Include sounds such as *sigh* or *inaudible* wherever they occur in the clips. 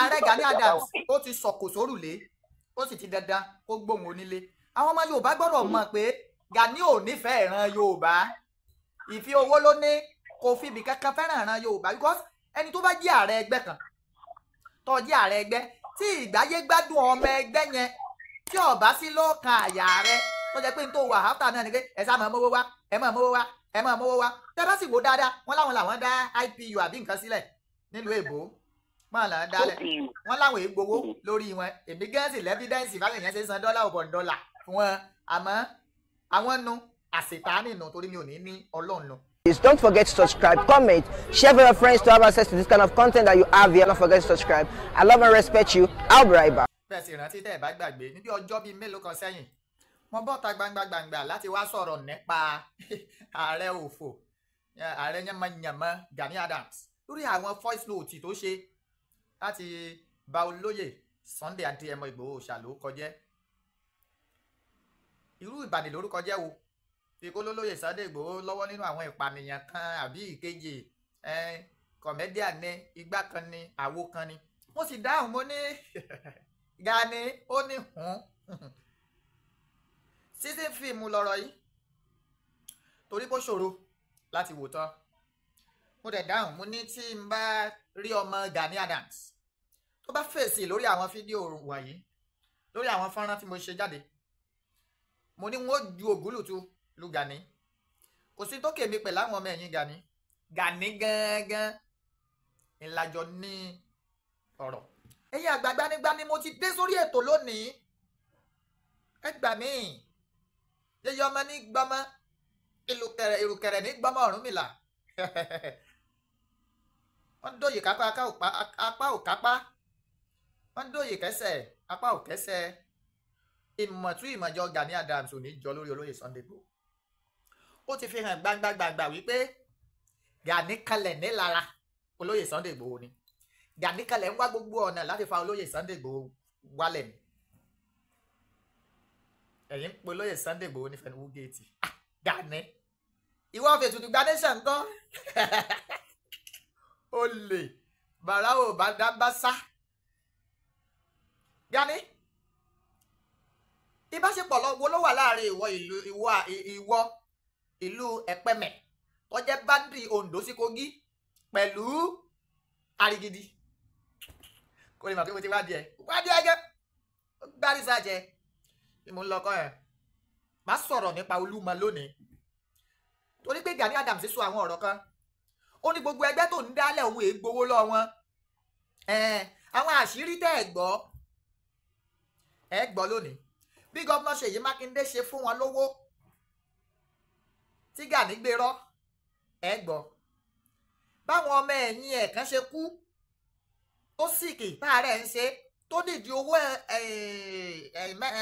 ààrẹ Gani Adams ó ti sọ̀kò sórùlé ó sì ti dandan kó gbóhùn onílé àwọn ọmọ Yorùbá gbọ́dọ̀ mọ̀ pé Gani ò nífẹ̀ẹ́ ìran Yorùbá ìfi owó ló ní kò fi ibì kankan fẹ́ràn ìran Yorùbá because ẹni tó bá jẹ́ ààrẹ ẹgbẹ́ kan tó jẹ́ ààrẹ ẹgbẹ́ tí ìgbáyé gbádùn ọmọ ẹgbẹ́ yẹn tí ọba sí lọ́ọ̀kan àyà rẹ tó jẹ́ pé n tó wà áfà náà ni pé ẹ sá máa mówó wá ẹ máa mówó wá ẹ máa mówó wá tẹ́ bá sì wò dáadáa wọ́n láwọn làwọn dá IPU àbí nǹkan sílẹ̀ nílùú èbó máa ń dálẹ̀ wọ́n láwọn èé gbowó mm-hmm. lórí wọn èmi gẹ́ǹsì lẹ́fídẹ́ǹsì báyìí yẹn ṣe san dọ́là ọ̀bọ̀n dọ́là fún wọn àmọ́ àwọn nu àṣetánì nù torí mi ò ní ní ọlọ́run lọ. Please don't forget to subscribe, comment, share with your friends to have access to this kind of content that you have here. Don't forget to subscribe. I love and respect you. I'll be right back. Fẹ̀sì ìrántí tẹ̀ bá gbàgbé níbi ọjọ́ bíi mélòó kan sẹ́yìn. Mo bọ́ ta gbangba gbangba láti wá sọ̀rọ̀ nípa *laughs* ààrẹ òfò, ààrẹ yànmọ̀yànmọ̀ Gani Adams lórí àwọn voice note tó ṣe láti ba olóyè Sunday Adéyẹmọ Ìgbòho ṣàlórúkọ jẹ́ irú ìbàdí lórúkọ jẹ́ wo ìkólólóyè Sunday Ìgbòho lọ́wọ́ nínú àwọn ìpànìyàn kan àbí ìkejì kọ̀mẹ́díàn ní igbá kan ní àwo kan ni mo sì dáhùn mo ní *laughs* Gani ó ní hùn *laughs* season fíìmù lọ́rọ̀ yìí torí bó ṣòro láti wò tán mo dẹ̀ dáhùn mo ní tí n bá rí ọmọ Gani Adams tó bá fèsì lórí àwọn fídíò wọ̀nyí lórí àwọn fọ́nrán tí mo ṣe jáde mo ní wọ́n ju ògúlùtù lu Gani kò sí tó kèmí pẹ̀lú àwọn ọmọ ẹ̀yìn Gani Gani gangan ìlàjọ ní ọ̀rọ̀ ẹ̀yin àgbà gbanigbani mo ti dé sórí ètò lónìí ẹ gbà mí yẹyẹ ọmọ ní gbọmọ ìlùkẹ̀rẹ̀ ìlùkẹ̀rẹ̀ ní gbọmọ Ọ̀rúnmìlà *laughs* wọ́n dòyè kápá apá ò kápá wọ́n dóye kẹsẹ̀ apá ò kẹsẹ̀ ìmọ̀tún ìmọ̀jọ Gani Adams ò ní jọ lórí olóyè Sunday Igboho ó ti fi hàn gbangba-gbangba wípé Gani kalẹ̀ nílara olóyè Sunday Igboho ni Gani kalẹ̀ ń wá gbogbo ọ̀nà láti fa olóyè Sunday Igboho wálẹ̀ ni ẹ̀yin ń pe olóyè Sunday Igboho ní fẹ́ni wúgẹ́ẹ̀tì ah, Gani ìwọ ọ̀fẹ́ tuntun gba nation kan ó lè bàrà ò bá dá bá sá. Gani ìbáṣepọ̀ wo ló wà láàrin ìwọ ìlú ìwọ ìwọ ìlú ẹ̀pẹ́mẹ̀ tó jẹ́ bádìrì Ondo sí Kogi pẹ̀lú Arigidi kò ní ma pé mo ti wá díẹ̀ wá díẹ̀ jẹ́ gbárí sáàjẹ́ ni mo ń lọ kọ́ ẹ̀ má sọ̀rọ̀ nípa Olúmọ lónìí torí pé Gani Adams sọ àwọn ọ̀rọ̀ kan ó ní gbogbo ẹgbẹ́ tó ń dálẹ̀ òun èé gbowó lọ́wọ́ wọn àwọn àṣírí tẹ́ gbọ́ ẹ gbọ́ lónìí bí gọ́vnà Ṣèyí Mákindé ṣe fún wọn lówó tí Gani gbérọ́ ẹ gbọ́ báwọn ọmọ ẹ̀yìn ẹ̀ kan ṣe kú tó sìkì táàrẹ̀ ń ṣe tó dìdí owó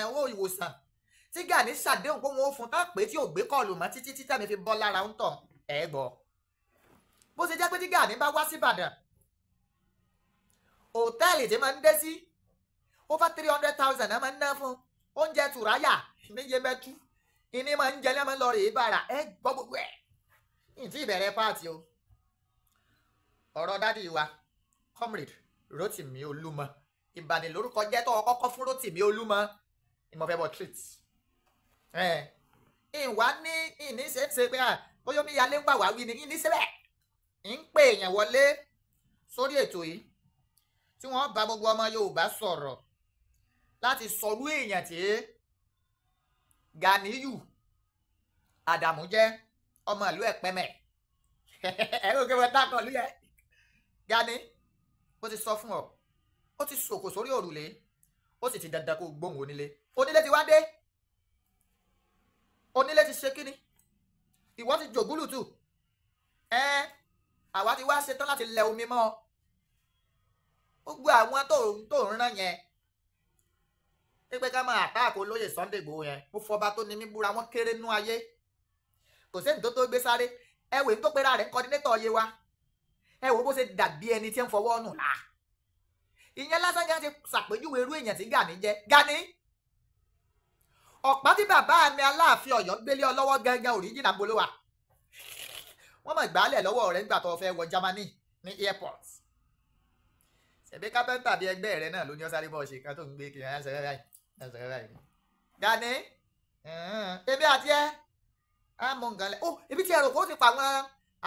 owó ìwòsàn tí Gani ṣàdéhùn pé wọn ò fún tápé tí ò gbé kọlù mọ́ títí títà mi fi bọ́ lára ń tàn ẹ gbọ́ bó ṣe jẹ́ pé tí Gani bá wá sí Ìbàdàn hòtẹ́ẹ̀lì tí máa ń dé sí over three hundred thousand náà máa ń ná fún oúnjẹ tùráyà níye mẹ́tú ìní máa ń jẹ lẹ́mọ̀ lọ rèé bàrà ẹ gbọ́ gbogbo ẹ̀ ìtì ìbẹ̀rẹ̀ páàtì o ọ̀rọ̀ dádì wa comrade Rotimi Olúmọ ìbànilórúkọ jẹ́ tó kọ́kọ́ fún Rotimi Olúmọ ìmọ̀fẹ́ bọ̀ treat ẹ̀ ìwà ní ìní ṣe ń ṣe pé bóyá ń gbà wá wí ni ìní síbẹ̀ ń pè èèyàn wọlé sórí ètò yìí tí wọ́n bá gbogbo ọmọ Yorùbá sọ̀rọ̀ láti sọrú èèyàn tí Ganiyu Adamu jẹ́ ọmọ ìlú ẹ̀pẹ́mẹ̀ *laughs* ẹ̀rọ kí wọ́n dákọ̀ lú yẹ Gani ó ti sọ fún ọ ó ti sòkò sórí òrùlé ó sì ti dandan kó gbóhùn onílé onílé ti wá dé onílé ti ṣe kíni ìwọ ti jògúlùtù ẹ àwa ti wá ṣetán láti lẹ omi mọ́ ọ gbogbo àwọn tó ń rán yẹn pípẹ́ ká máa àtáàkó olóyè Sunday Igboho yẹn mo fọba tó ní mí búra wọn kéré nú ayé kò sẹ́ni tó tó gbé sáré ẹ wèé tó pera rẹ̀ kọ́dínétọ̀ yé wa ẹ wò bó ṣe dàbí ẹni tí ń fọwọ́ nù là ìyẹn lásán gan ti ṣàpèjúwe irú èèyàn tí Gani jẹ Gani ọ̀pá tí bàbá mi aláàfin Ọ̀yọ́ gbélé ọlọ́wọ́ gangan òríjìnà bolówà wọ́n mọ̀ gbálẹ̀ lọ́wọ́ rẹ̀ nígbà tó fẹ́ wọ Germany ní airport ṣebí kápẹ́ntà bíi ẹgbẹ́ rẹ̀ náà ló ní ọ́sáré bọ́ọ̀ṣì kan tó ń gbé kiri ẹ̀ ṣẹ́yẹ́ dani eh, ebi àti ẹ á mọ nǹkan lẹ ó oh, ibi tí ẹ rò kó ti pa àwọn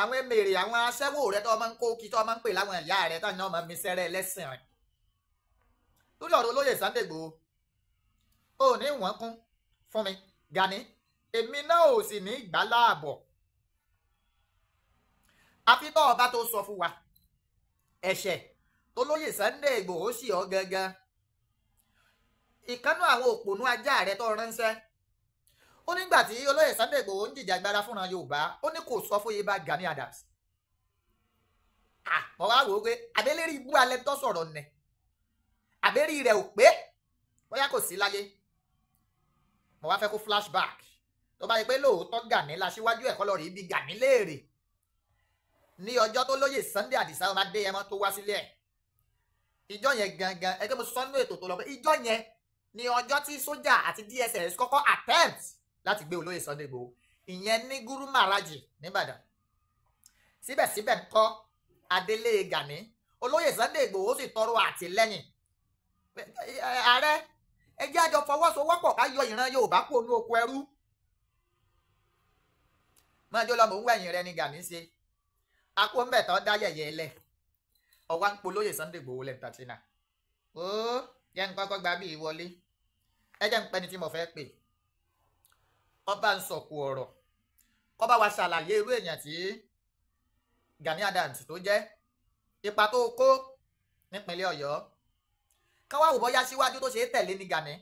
àwọn emèrè àwọn aṣẹ́wó rẹ tó máa ń kó kí tó máa ń pè láwọn ìyá rẹ tó ní ọmọ mi sẹ́rẹ̀ ẹlẹ́sìn rẹ lórí ọ̀rọ̀ olóyè Sunday Igboho ò ní wọ́n kún fún mi Gani èmi náà ò sì ní ìgbà láàbọ̀ àfi bá ọba tó sọ fún wa ẹ̀ṣẹ̀ olóyè Sunday Igboho sì ọ́ gangan ìkánú àwọn òpònú ajá rẹ tó ránṣẹ́ ó nígbà tí olóyè Sunday Igboho ń jìjàgbara fúnra yorùbá ó ní kò sọ fún Yorùbá Gani Adams mo wá wò ó pé abẹ́lẹ́rì ibú alẹ́ tó sọ̀rọ̀ nẹ̀ abẹ́rì rẹ̀ ò pé bóyá kò sí láyé mo wá fẹ́ kó flashback tó bá yẹ pé lóòótọ́ Gani la ẹ̀kọ́ lọ rí ibi Gani léèrè ní ọjọ́ tó lóyè Sunday Àdìsá ọmọ Adéyẹmọ tó wá sílẹ̀ ìjọ yẹn gangan ẹgbẹ́ mo sọ nínú ètò tó lọ pé ìjọ yẹn ní ọjọ́ tí sójà àti DSS kọ́kọ́ attempt láti gbé olóyè Sunday Igboho ìyẹn ní Guru Maharaji nìbàdàn síbẹ̀síbẹ̀ ńkọ́ Adélé Gani olóyè Sunday Igboho sì tọrọ àtìlẹ́yìn ààrẹ ẹ jẹ́ àjọ fọwọ́sowọ́pọ̀ ká yọ ìran Yorùbá kó onú oko ẹrú máa jó lọ́mọ̀ ń wẹ̀yìn rẹ ni Gani ṣe akó ń bẹ̀ tán dá yẹ̀yẹ́ lẹ̀ ọ̀wá ń polóyè Sunday Igboho lẹ́ńtàtínà ó yẹn ń kọ́kọ́ gba bí ìwọlé ẹ jẹ́ ń pẹ́ni tí mo fẹ́ pè kọ́ bá ń sọ̀kù ọ̀rọ̀ kọ́ bá wa ṣàlàyé irú èèyàn tí Gani Adams tó jẹ́ ipa tó kó nípínlẹ̀ Ọ̀yọ́ ká wá wò bọ́yá síwájú tó ṣe é tẹ̀lé ní Gani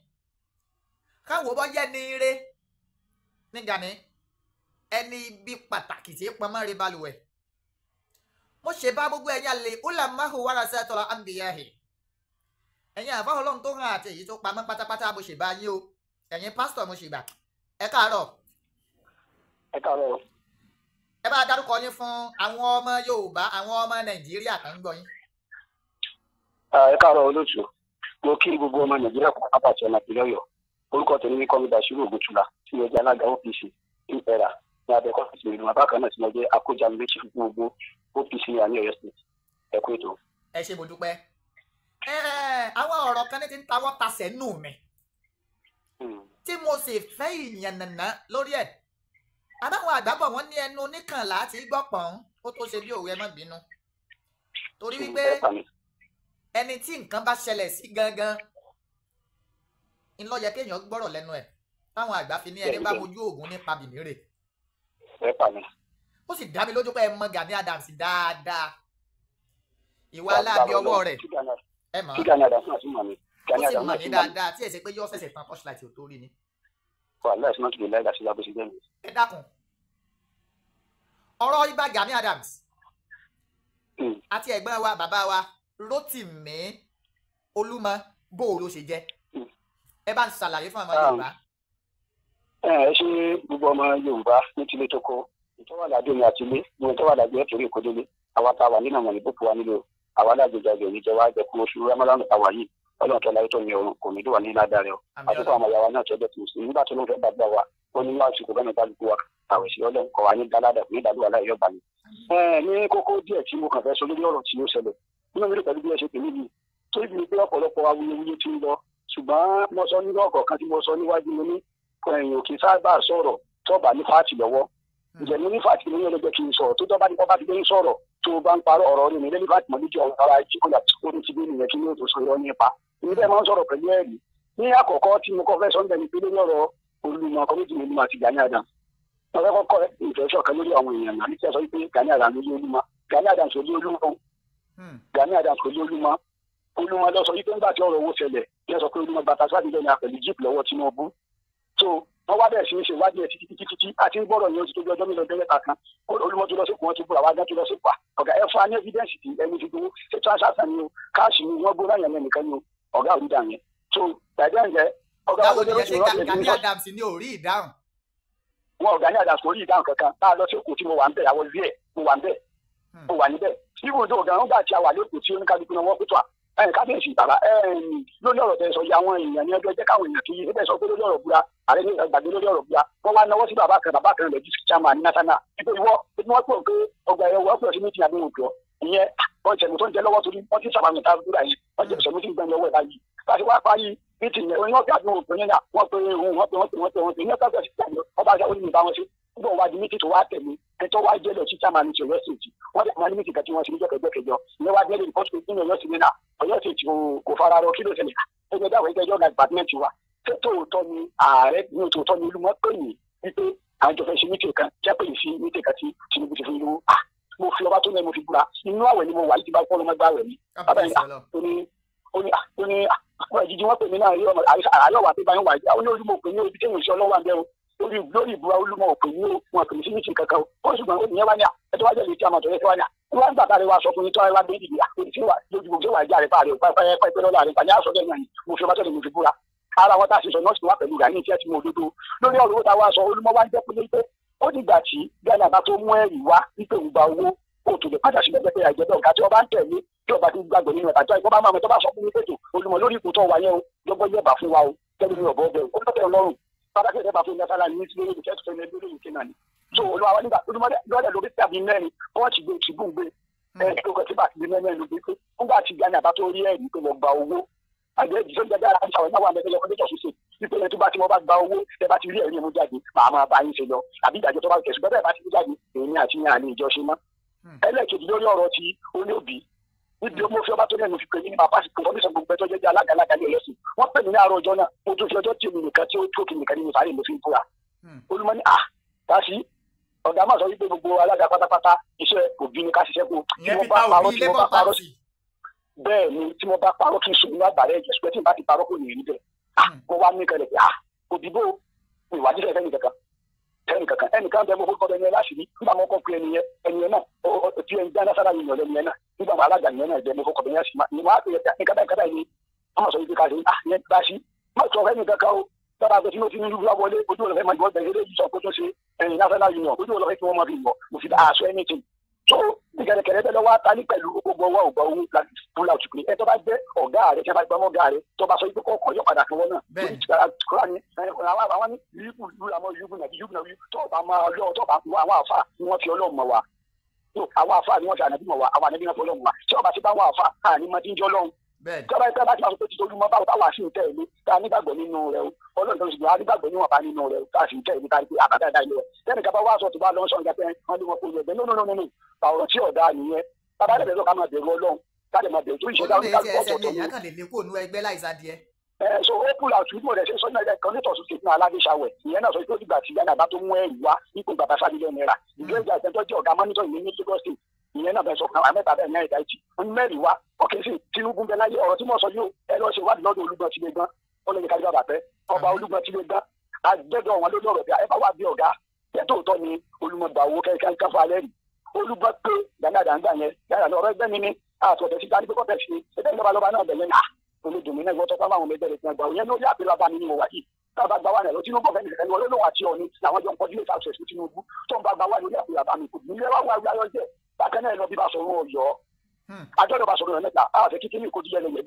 ká wò bọ́yá ní ire ní Gani ẹni ibi pàtàkì tí pamọ́ rí balùwẹ̀ mo ṣe bá gbogbo ẹ̀yà lè ulamahu warasatola ambiyahi ẹ̀yin àfa ọlọ́run tó hàn àti èyí tó pamọ́ pátápátá mo ṣèbá yín o ẹ̀yin pásítọ̀ mo ṣèbá ẹ káàárọ̀. ẹ káàárọ̀. ẹ bá dárúkọ yín fún àwọn ọmọ Yorùbá àwọn ọmọ Nàìjíríà kan ń gbọ́ yín. ẹ káàárọ̀ olóòtú mo kí gbogbo ọmọ Nàìjíríà kan apàṣẹ nàìjíríà yọ orúkọ tèmi ní kọ́mídà ṣírò ògùntúlá tí mo jẹ́ alága OPC ní ẹ̀rà ní abẹ́ kọ́fíìsì ìlú abákan náà tí mo jẹ́ mo dúpẹ́ àwọn ọ̀rọ̀ kan ní ti ń tawọ́ tasẹ̀ nù mí hmm. tí mo sì fẹ́ ìyànnànà lórí ẹ̀ àbáwọn àgbàbọ̀ wọn ní ẹnu oníkànlá àti gbọ̀pọ̀n ó tó ṣe bí òwe ẹ má bínú torí wípé ẹni tí nǹkan bá ṣẹlẹ̀ sí gangan ń lọ yẹ kéèyàn gbọ́rọ̀ lẹ́nu ẹ̀ táwọn àgbà fi ní ẹni bá mojú oògùn nípa bìmírè ó sì dá mi lójú pé ẹ mọ Gani Adams dáadáa ìwà aláàbí ọwọ́ rẹ̀ ẹ máa kí Gani Adams náà sì mọ̀ mí Gani Adams náà sì mọ̀ mí dáadáa tí ẹ ṣe pé yóò fẹsẹ̀ tan torchlight ò tó rí ni. wàhálà ìsúná kìlọ̀ láì láti lábọ́ sí bẹ́ẹ̀ ẹ dákun ọ̀rọ̀ ibà Gani Adams hmm. àti ẹ̀gbọ́n wa bàbá wa Rotimi Olúmọ bó o ló ṣe jẹ́ hmm. ẹ bá ń ṣàlàyé fún ọmọ Yorùbá. ẹ ah. eh, ṣe gbogbo ọmọ Yorùbá ní tilé tó kó ìtọ́wàdà dé ní àtìlé ìwọ̀n ìtọ́wàdà gbé ẹ̀tọ́rí ìkọ́délé àwọn tá a wà nínú àwọn ìbùkún wa nílò àwa alágbèjàgbè yìí jẹ wá jẹ kó oṣù ramadan àwa yìí ọlọ́run tó láyé tó ní ọrùn kò ní dùn wá ní ládàá rẹ o àtúntò àwọn àyàwó náà tó dẹkùn sí nígbà tó ló ń fẹ́ gbàgbà wa ó ní láti kó bẹ́ẹ̀ bá gbogbo wa àwẹ̀ sí ọlọ́run kọ̀ wá ní dáládà ní ìdádúrà láì yọba ni. ní kókó díẹ̀ tí mo kàn fẹ́ sọ lórí ọ̀rọ̀ tí ó ṣẹlẹ̀ nínú mi pẹ̀lú bí ẹ ṣe pè níbi tó ibi ni pé ọ̀pọ̀lọpọ̀ awuyewuye ti ń lọ ṣùgbọ́n mo sọ nínú ọkọ̀ kan tí mo sọ níwájú mi ní ẹ̀yìn òkè sábà sọ̀rọ̀ tọ́ba ní fáàtì lọ́wọ́ ìjẹ̀mú ní fáàtì lóyún ọlọ́jọ́ kì í sọ̀rọ̀ tó tọ́ba ní pápá ti gbé ń sọ̀rọ̀ tó o bá ń parọ́ ọ̀rọ̀ orí mi lẹ́yìn láti mọ̀ níjọ́ ọ̀rọ̀ ara ẹjí kọjá ó ti bí nìyẹn kí ní ètò sọ irọ́ nípa èmi bẹ́ẹ̀ máa ń sọ̀rọ̀ pẹ̀lú ẹ̀rí ní àkọ́kọ́ tí mo kọ́ fẹ́ sọ́ńdẹ̀ ni pé lórí ọ̀rọ̀ olùmọ̀ kọ́míjì mi àti Gani Adams ọ̀rẹ́ kọ́kọ́ ìfẹ́sọ̀ kan lórí àwọn èèyàn náà nípa sọ pé Gani Adams lórí olúmọ Gani Adams lórí olúmọ hmm. Gani Adams lórí olúmọ olúmọ lọ sọ pé nígbà tí ọ̀rọ̀ owó ṣẹlẹ̀ yẹ sọ pé olúmọ bàtà sáà wọ́n wá bẹ̀rẹ̀ sí ní ṣe ìwádìí ẹ̀ títí títí títí àti ń gbọ́rọ̀ yẹn ó ti tóbi ọjọ́ mélòó dẹ́rẹ́ta kan olùmọ́tò lọ sí kùn wọ́n ti búra wá gán lọ sí pa ọ̀gá ẹ̀ ní evidence ti ẹni fi gbowó ṣé transaction ni o káàṣì ni wọ́n gbóná yẹn nìkan ni o ọ̀gá ò ní dà yẹn so dàdí àǹjẹ ọ̀gá ò ní dà yẹn Gani Adams ni ò rí ìdáhùn. wọn Gani Adams kò rí ìdáhùn kankan tá a lọ sí kùn tí mo wà ń bẹ̀ àwọn ilé ẹ̀ mo wà ń bẹ̀ hmm. mo wà níbẹ̀ ibùdó gan-an gbà tí a wà lẹ́kùn tí oníkálukú náà wọ́n kú tó à ẹ kábíyèsí bàbá ẹ lórí ọ̀rọ̀ tẹ́ sọ yìí àwọn èèyàn ní ẹjọ́ jẹ́ káwọn èèyàn kì í ṣe bẹ́ẹ̀ sọ pé lórí ọ̀rọ̀ búra ààrẹ ní ìgbàgbé lórí ọ̀rọ̀ búra wọ́n wá náwó sí bàbá kan bàbá kan rẹ̀ jù sí chairman national ipe ìwọ ibi wọ́n pè pé ọgbà ẹ̀rọ wọ́n pè sí meeting àbí òjò ìyẹn wọ́n jẹ̀mú tó ń jẹ lọ́wọ́ torí wọ́n ti sábà mẹ́ta búra yẹn wọ́n jẹ̀ sọ̀mí sí lọ́wọ́ báyìí láti wá parí meeting yẹn wọ́n pè àdúgbò òpin yẹn gbọ́ wá di méjì tó wá tẹ̀lé ẹni tó wá jẹ́ lọ sí sáàmà ní ti ọ̀yọ́ ṣèjì wọ́n dẹ̀ máa ní méjì kan tí wọ́n ti ní jẹ́kẹ̀jẹ́ kẹjọ ní wá jẹ́ lè rìpọ́tù pé nínú ọ̀yọ́ sinina ọ̀yọ́ ṣèjì kò fara rọ kí ló ṣẹlẹ̀ ẹgbẹ́ dáwọ̀ ẹgbẹ́ ẹjọ́ náà gbàdúmẹ̀tì wa ṣé tòótọ́ ni ààrẹ ní tòótọ́ ni olúmọ pè mí wípé àjọ fẹ́ ṣe mítì kan jẹ́ pé ìsí mítì kan tí Tinubu ti fún yín mo fi ọba tó ní ẹ mo fi búra inú àwẹ̀ ni mo wà yìí ti bá fọ́ lọ́mọgbà rẹ̀ mi bàbá yìí ó ní ó ní ó ní àjíjí wọn pè mí náà àríyọ̀ wà pé báyìí wà yìí àwọn olùmọ̀ pè ní ojú tí mo ṣe ọlọ́wà ń bẹ́ẹ̀ lórí lórí ìbúra olúmọ òkè ní òkun àpèmí sí méjì kankan ó ṣùgbọ́n ó nìyẹn wá ní à ẹjọ́ wájú ìlú tí a mọ̀ tó yẹ kí wá ní à ń wá ń bàbá rẹ wá sọ fún mi tí wọ́n wá bí ìdìbò àti tí wà lójú gbogbo wà ìjà rẹ fà rẹ ò pẹ́ pẹ́ lọ́la rẹ pàdé àṣọ dẹ́nu àyè mo fi ọmọdé mi fi búra ara wọn tá a ṣe sọ nọ́ọ̀sì wà pẹ̀lú ìdáyìn tí ẹ ti mú òdodo lórí ọ̀rọ̀ owó tá a wá sọ olúmọ wá ń jẹ́ pé pé ó dìgbà tí Ghana bá tó mú ẹ̀rí wá wípé òun gba owó òtò lè padà síbẹ̀ pẹ̀lú àìjẹ́bẹ̀ ọ̀gá ti gbàgbọ́ babakẹrẹ b'a fọ nasala ni tile de kẹ fɛn bɛ duuru in kɛ naani so olu awali ka olumade lɔdɛ lori tabi mɛni pɔnti bɛ ti bun bɛ ɛ lɔkɔti b'a tigi mɛni lu bɛ se n k'a ti gani a b'a to yɛ ni kɛmɛ gba owó a bɛ jɔn bɛ dara awo n'a ko a bɛ kɛlɛ ko ne tɛ sise ni pɛlɛ tó bá ti mɔ bá gba owó ɛ bá ti rí ɛri mu jáde màá ma bá yín se lọ àbí ìdájọ́ tó bá kẹsùn bẹ́ẹ̀ bá ti jáde èmi àti yàn àní ìjọ níbi ọmọ òfin ọba tó ní ẹnu fi pè mí ní bàbá àsìkò fọmísàn gbogbo ẹjọ jẹjẹ alágàlaga ní ẹlẹsìn wọn pè mí ní àárọ̀ ọjọ́ náà mo tún fi ọjọ́ tí èmi nìkan tí ó tó kì nìkan nínú sáré mo fi ń búra hmm. olúmọ ní à ah, káṣí ọ̀gá máa sọ wípé gbogbo alága pátápátá iṣẹ́ òbí ni ká ṣiṣẹ́ kó tí wọ́n bá parọ́ tí wọ́n bá parọ́ sí bẹ́ẹ̀ ni tí wọ́n bá parọ́ kí n sùn ní àgbàrẹ́ ẹ̀jẹ̀ ṣùgbọ́n tí n bá ti parọ́ kò ní rí bẹ́ẹ̀ ah hmm. mo wá ní kẹlẹ̀ pé ah òdìbò ìwádìí fẹ́ẹ́ fẹ́ẹ́ nìkankan ẹnì kankan ẹnì kan bẹ mo fọkọ bẹ ní ẹ láṣìírí nígbà mọ kọ pé ẹnìyẹn ẹnìyẹn náà tí ẹn dáná sára yìnyín ọlẹ ẹnìyẹn náà bí bàbá alága nìyẹn náà jẹ ní kókò bẹyẹ sí ni wàá bẹyẹ nǹkan báyìí kátà yìí wọn sọ ibi káàdé ah yẹn bá sí má sọ fẹmi kankan o bàbá àgbẹ̀ tí mo ti ní ìlú wọlé ojú ọlọfẹ máa ń bọ bẹ́ẹ̀ eré yìí sọ pé tó ṣe ẹ̀yìn national union ojú ọlọfẹ tí wọn máa fi yọ mo fi àṣọ anything so ìkẹrẹkẹrẹ bẹ lọ́wọ́ atali pẹ̀lú gbogbo wa ògbà owó fún la òtùkùn ẹ tó bá jẹ ọgá rẹ tí a bá gbà mọ ọgá rẹ tó bá sọ ibi kọkọ yọ padà fún wọn náà lórí ìtura kúrò ní àwọn àwọn ní yúkú lúlamọ yúkú náà yúkú náà tó bá máa lọ tó bá àwọn àfa wọn fi Ọlọ́run wa No, àwọn àfa ni wọ́n ṣe ànábì mọ̀ wá àwọn ànábì náà fọlọ́run wá tí ọba ti bá wà àfa àní mọ́ díjọ́ lọ́hùn. tọ́ba ìta bá ti máa sọ pé ti tolú mọ́ báwo báwa sì ń tẹ̀ ilé ta nígbàgbọ́ nínú rẹ o ọlọ́run tó ń sùn nígbàgbọ́ níwọ̀n bá nínú rẹ o ta sì ń tẹ̀ ilé ta pé àbádá dá ilé rẹ tẹ́nì kaba wá sọ tó bá lọ́n sọ̀rọ̀ gẹ́gẹ́ wọn ni wọn kò yẹ̀gbẹ́ nínú nínú nínú ọ̀rọ̀ tí ọ̀dà nìyẹn bàbá rẹ̀ bẹ̀rẹ̀ ká máa bẹ̀rù ọlọ́run ká lè máa bẹ̀rù tó ìṣẹ̀dá ọ̀rọ̀ ká lè pọ̀ tó tó so ó kúlà ṣùgbọ́n mọ̀ rẹ̀ ṣe sọ́nà ẹ̀ka ní tọ̀sùn kìtìnà aládéṣàwẹ̀ ìyẹn náà sọ pé ó dìgbà tí yánà bá mm. tó mú ẹ̀rù wá ipò bàbá sábìlẹ̀ náírà ìgbé ìjà ìtẹ́jọ́ jẹ́ ọ̀gá mọ́nítọ̀ ìlú ní Lagos State ìyẹn náà bẹ̀ sọ àmẹ́ta bẹ̀ ní ẹ̀dá ìtì ń mẹ́rin wá ọ̀kẹ́ sí Tinubu bẹ láyé ọ̀rọ̀ tí mo sọ yóò ẹ lọ́ọ́ ṣe wádìí lọ́dọ̀ Olúgbọ́n ti lè gan ọlọ́yẹ kájú bàbá pẹ́ ọba mm. Olúgbọ́n ti lè gan àjẹjọ́ wọn lórí ọ̀rọ̀ bí ẹ bá wà bí ọ̀gá yẹtò tọ́ ni olùmọ̀gbà owó kẹ́kẹ́ káfọ́ alẹ́ rí Olúgbọ́n pé dáadáa ń gbà yẹn dáadáa lọ́rọ̀ ẹgbẹ́ mi ni àtọ̀tẹ̀ sí dáadé pé kọ́tẹ̀ sí ẹgbẹ́ ìjọba lọ́ba náà bẹ̀yẹn náà olódùmí náà gbọ́tọ́ pé àwọn mẹ́jọ rẹ̀ ti gbà òyìn lórí àbílábá ni mo wà yìí tábà gba wà ní ẹ̀rọ tinubu ọ̀fẹ́ nìkan ni olóòwò àti ọ̀ni làwọn jọ ń kọjú ní south west tinubu tó ń bá gba wà lórí àbílábá mi kò ní ilé wa wà wíwáyọ jẹ bákan náà lọ bí bá sọ̀rọ̀ ọ̀yọ́ hmm. àjọyọ̀ bá sọ̀rọ̀ mẹ́ta a fẹ́ kíkí ní ìkojú yẹn wa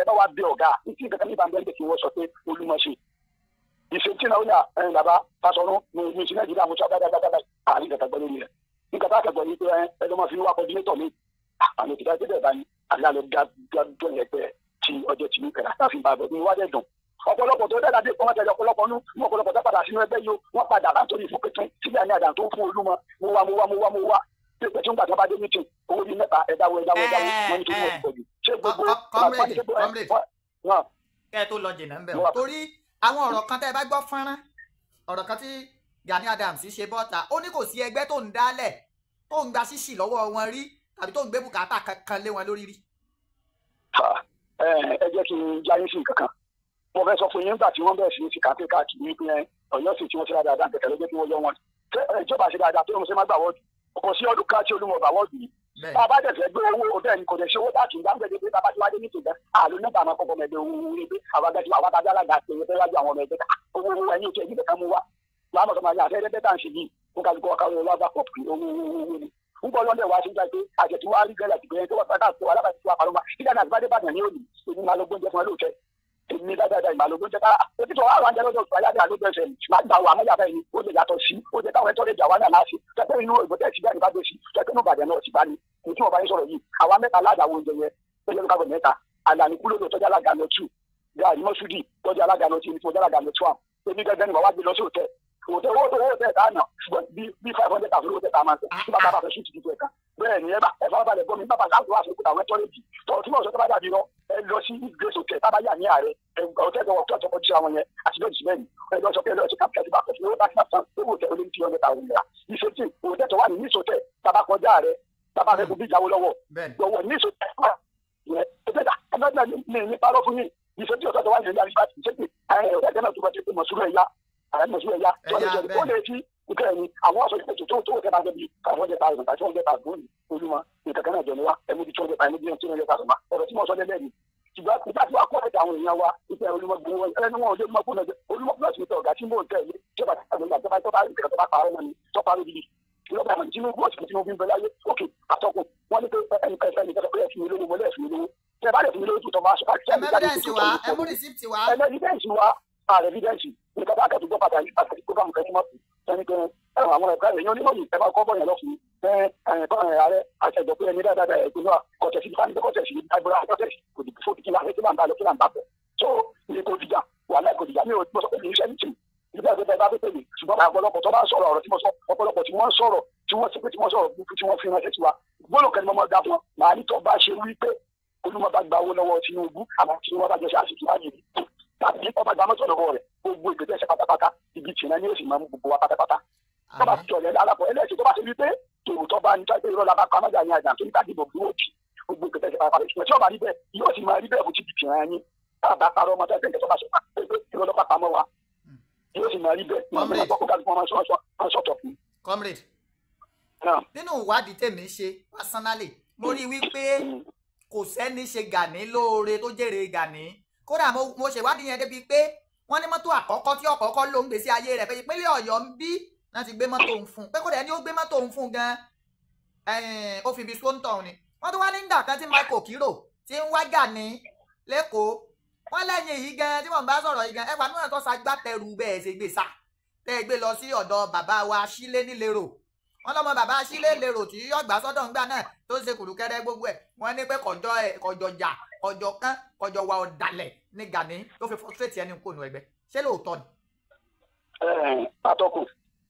ẹ bá wa bẹ ọ̀gá ìtì ìkankan níbà ń bẹ́ẹ̀ kí wọ́n sọ pé olúmọ̀ṣe ìṣètì náà ó yà ẹ̀yìn bàbá fásọ̀rún ní ìṣẹ́ nàìjíríà mo sọ dáadáa àárín aláàlọ́ gbàgbọ́ yẹn pẹ́ ti ọjọ́ tìlú kẹrà káfí bá bọ̀ wá dẹ̀ dùn ọ̀pọ̀lọpọ̀ tó dáadáa dé kọ́ wọ́n tẹ̀lé ọ̀pọ̀lọpọ̀ nú mú ọ̀pọ̀lọpọ̀ tó padà sínú ẹgbẹ́ yìí wọ́n padà látòrí ìfún pẹ̀tún síbẹ̀ ní àdá tó ń fún olúmọ mo wá mo wá mo wá mo wá pé pẹ̀tún gbàtọ́ bá dé mítì owó bíi mẹ́ta ẹ̀dáwó ẹ̀dáwó ẹ̀dáwó wọn eh, ni tó wọ́n eh. pẹ̀lú. ṣé gbogbo kọ́mrèdè kọ́mrèdè kẹ́ ẹ tó lọ jìnnà ń bẹ̀ wọ́n torí àwọn ọ̀rọ̀ kan tẹ́ ẹ bá gbọ́ fọ́nrán ọ̀rọ̀ kan tí Gani Adams ṣe bọ́ta ó ní kò sí ẹgbẹ́ tó ń dálẹ̀ tó ń gba ṣíṣì lọ́wọ́ wọn rí tàbí tó ń gbé bùkátà kankan lé wọn lórí rí. ẹ jẹ́ kí n jáyé sí nǹkan mo fẹ́ sọ fún yín nígbà tí wọ́n bẹ̀rẹ̀ sí ní sìkàtì káàkiri wípé ọ̀yọ́ sì tí wọ́n ṣe dáadáa kẹ̀kẹ́ ló jẹ́ kí wọ́n yọ wọn. ìjọba ṣe dáadáa tó ń ṣe má gbà wọ́ọ̀dù kò sí ọdún ká olúmọ̀ gbà wọ́ọ̀dù yìí. bá a bá dẹ̀ gbé owó bẹ́ẹ̀ ni kò dẹ̀ ṣe owó táàkì ìgbà gbẹ̀dẹ̀ pé bàbá tí wàá dé ní tòjá àlọ́ nígbà máa kọ́kọ́ mẹ́gbẹ́ owó orí pé àwọn agbẹ́sí ah, àwọn owó owó owó ni ń bọ̀ lọ́dẹ̀ wá síjà pé àjẹ̀tí wa rí gẹ́lẹ́ àtìgbẹ́yẹn tó wà pátá àti alábàtí wa parọ́ wa nígbà náà àtibáde bàtàn ní òní èmi máa lọ gbóúnjẹ fún ẹ lóòótọ́ èmi dáadáa ìmàlógún jẹ kára ètò ìtọ́ àwọn àjẹrò ọjọ́ ìgbà yára ló bẹ̀rẹ̀ máa gba àwọn àmọ́yà bẹ́ẹ̀ ni ó lè yàtọ̀ sí ó lè táwọn ẹ̀tọ́ lè jà wá náà láàfin tẹ́tẹ́ inú ìbòtẹ́ ìsìgbà ìbá gbé sí tẹ́tẹ́ inú ìbàdàn náà ti bá ní mo tún ọba yín sọ̀rọ̀ yìí àwa mẹ́ta aládàá oúnjẹ yẹn pẹ̀lú kágọ̀ mẹ́ta àlàní kúlódò tọ́jà tọ́jà alága lọ o tẹ owó tó owó tẹ ká nà ṣùgbọ́n bí five hundred thousand owó tẹ ká máa tẹ tí bàbá ah. bá fẹ́ ṣíìtì dìbò ẹ̀ka bẹ́ẹ̀ ni ẹ bá ẹ fọwọ́ balẹ̀ gbọ́ mi bàbá láti wá sí ìpínlẹ̀ àwọn ẹ̀tọ́rẹ́jì tọ̀ tí wọ́n sọ tó bá dàbí lọ ẹ lọ sí grace hotel tábà yà ní ààrẹ ọ̀tẹ́ tó ọ̀tọ́ tó kọjú àwọn yẹn àti bẹ́ẹ̀ jìmẹ́ ni ẹ lọ o pé ẹ lọ sí capital bank of Nigeria bank of san owó tẹ olóyún two hundred thousand naira ìṣe tí òtẹ́ tó wà ní nice hotel tábà kọjá ààrẹ tábà fẹ́ kó bí ìyàwó lọ́wọ́ lọ́wọ́ nice hotel yẹn òtẹ́ tà àrẹ́gbẹ̀sí ẹ̀yà tó lè jẹ́ ó lè fi nǹkan ẹ̀yìn àwọn aṣọ ìpèsè tó tó tẹ́ bá jẹ́ bíi five hundred thousand àti one hundred thousand olúmọ nǹkan kan náà jọ ni wá ẹ̀mú di two hundred thousand ẹ̀mú di two hundred thousand ọ̀rọ̀ tí mo sọ lẹ́lẹ́ mi ṣùgbọ́n nígbà tí wàá kọ́ ẹ̀ka àwọn èèyàn wa nípa olúmọ gbogbo wọn ẹni wọn ò lè mọ kó lọ́jọ́ olúmọ plus mi tọ̀ ọ̀gá tí mò ń tẹ̀ lé tọ́ba tí a gbẹ̀gbà tọ́ba tọ́ba ìgbà tọ́ba pààrọ̀ wọn ni tọ́ba rẹ̀ bíi ìlọ́ba àwọn Tinubu ọ̀sìn Tinubu ń bẹ láyé òkè àtọkùn wọn ní pé ẹnìkan ìfẹ́ nìkan sọ pé ẹ̀sìn mi lówó mọ́lẹ́ ẹ̀sìn mi lówó tẹ̀ bá lè fún mi lówó tó tọ́ bá aṣọ àti ẹ̀mí jáde tó tó tó tó ẹ̀mí próximos tèmi ṣe personally mo rí i wípé kò sẹ́ni ṣe Gani lóore tó jèrè Gani kódà mo ṣèwádìí yẹn débi pé wọ́n ní mọ́tò àkọ́kọ́ tí ọ̀kọ́kọ́ ló ń gbèsè ayé rẹ̀ pé ìpínlẹ̀ Ọ̀yọ́ ń bí láti gbé mọ́tò ń fún un pé kódà ẹni ó gbé mọ́tò ń fún un gan ó fi ibi sóńtọ̀ ni wọ́n tún wá ní ìgbà kan tí Michael Kiro ti ń wá Gani lẹ́kọ̀ọ́ wọ́n lẹ́yìn yìí gan tí wọ́n bá sọ̀rọ̀ yìí gan ẹ̀fà níwọ̀n tó ṣagbátẹrù bẹ́ẹ̀ ṣe gbèsà tẹ́ gbé lọ sí ọ̀dọ̀ bàbá wa sílé nílérò wọ́n lọ́mọ bàbá sílé lérò tí ọgbà sọ́dọ̀ ń gbà náà tó ṣe kùrùkẹ́rẹ́ gbogbo ẹ̀ wọ́n ní pé kọjọ ẹ kọjọ jà kọjọ kán kọjọ wa ọ̀dàlẹ̀ ní Gani tó fi frustrate ẹni kò nù ẹgbẹ́ ṣé lóòótọ́ ni. atọ́kùn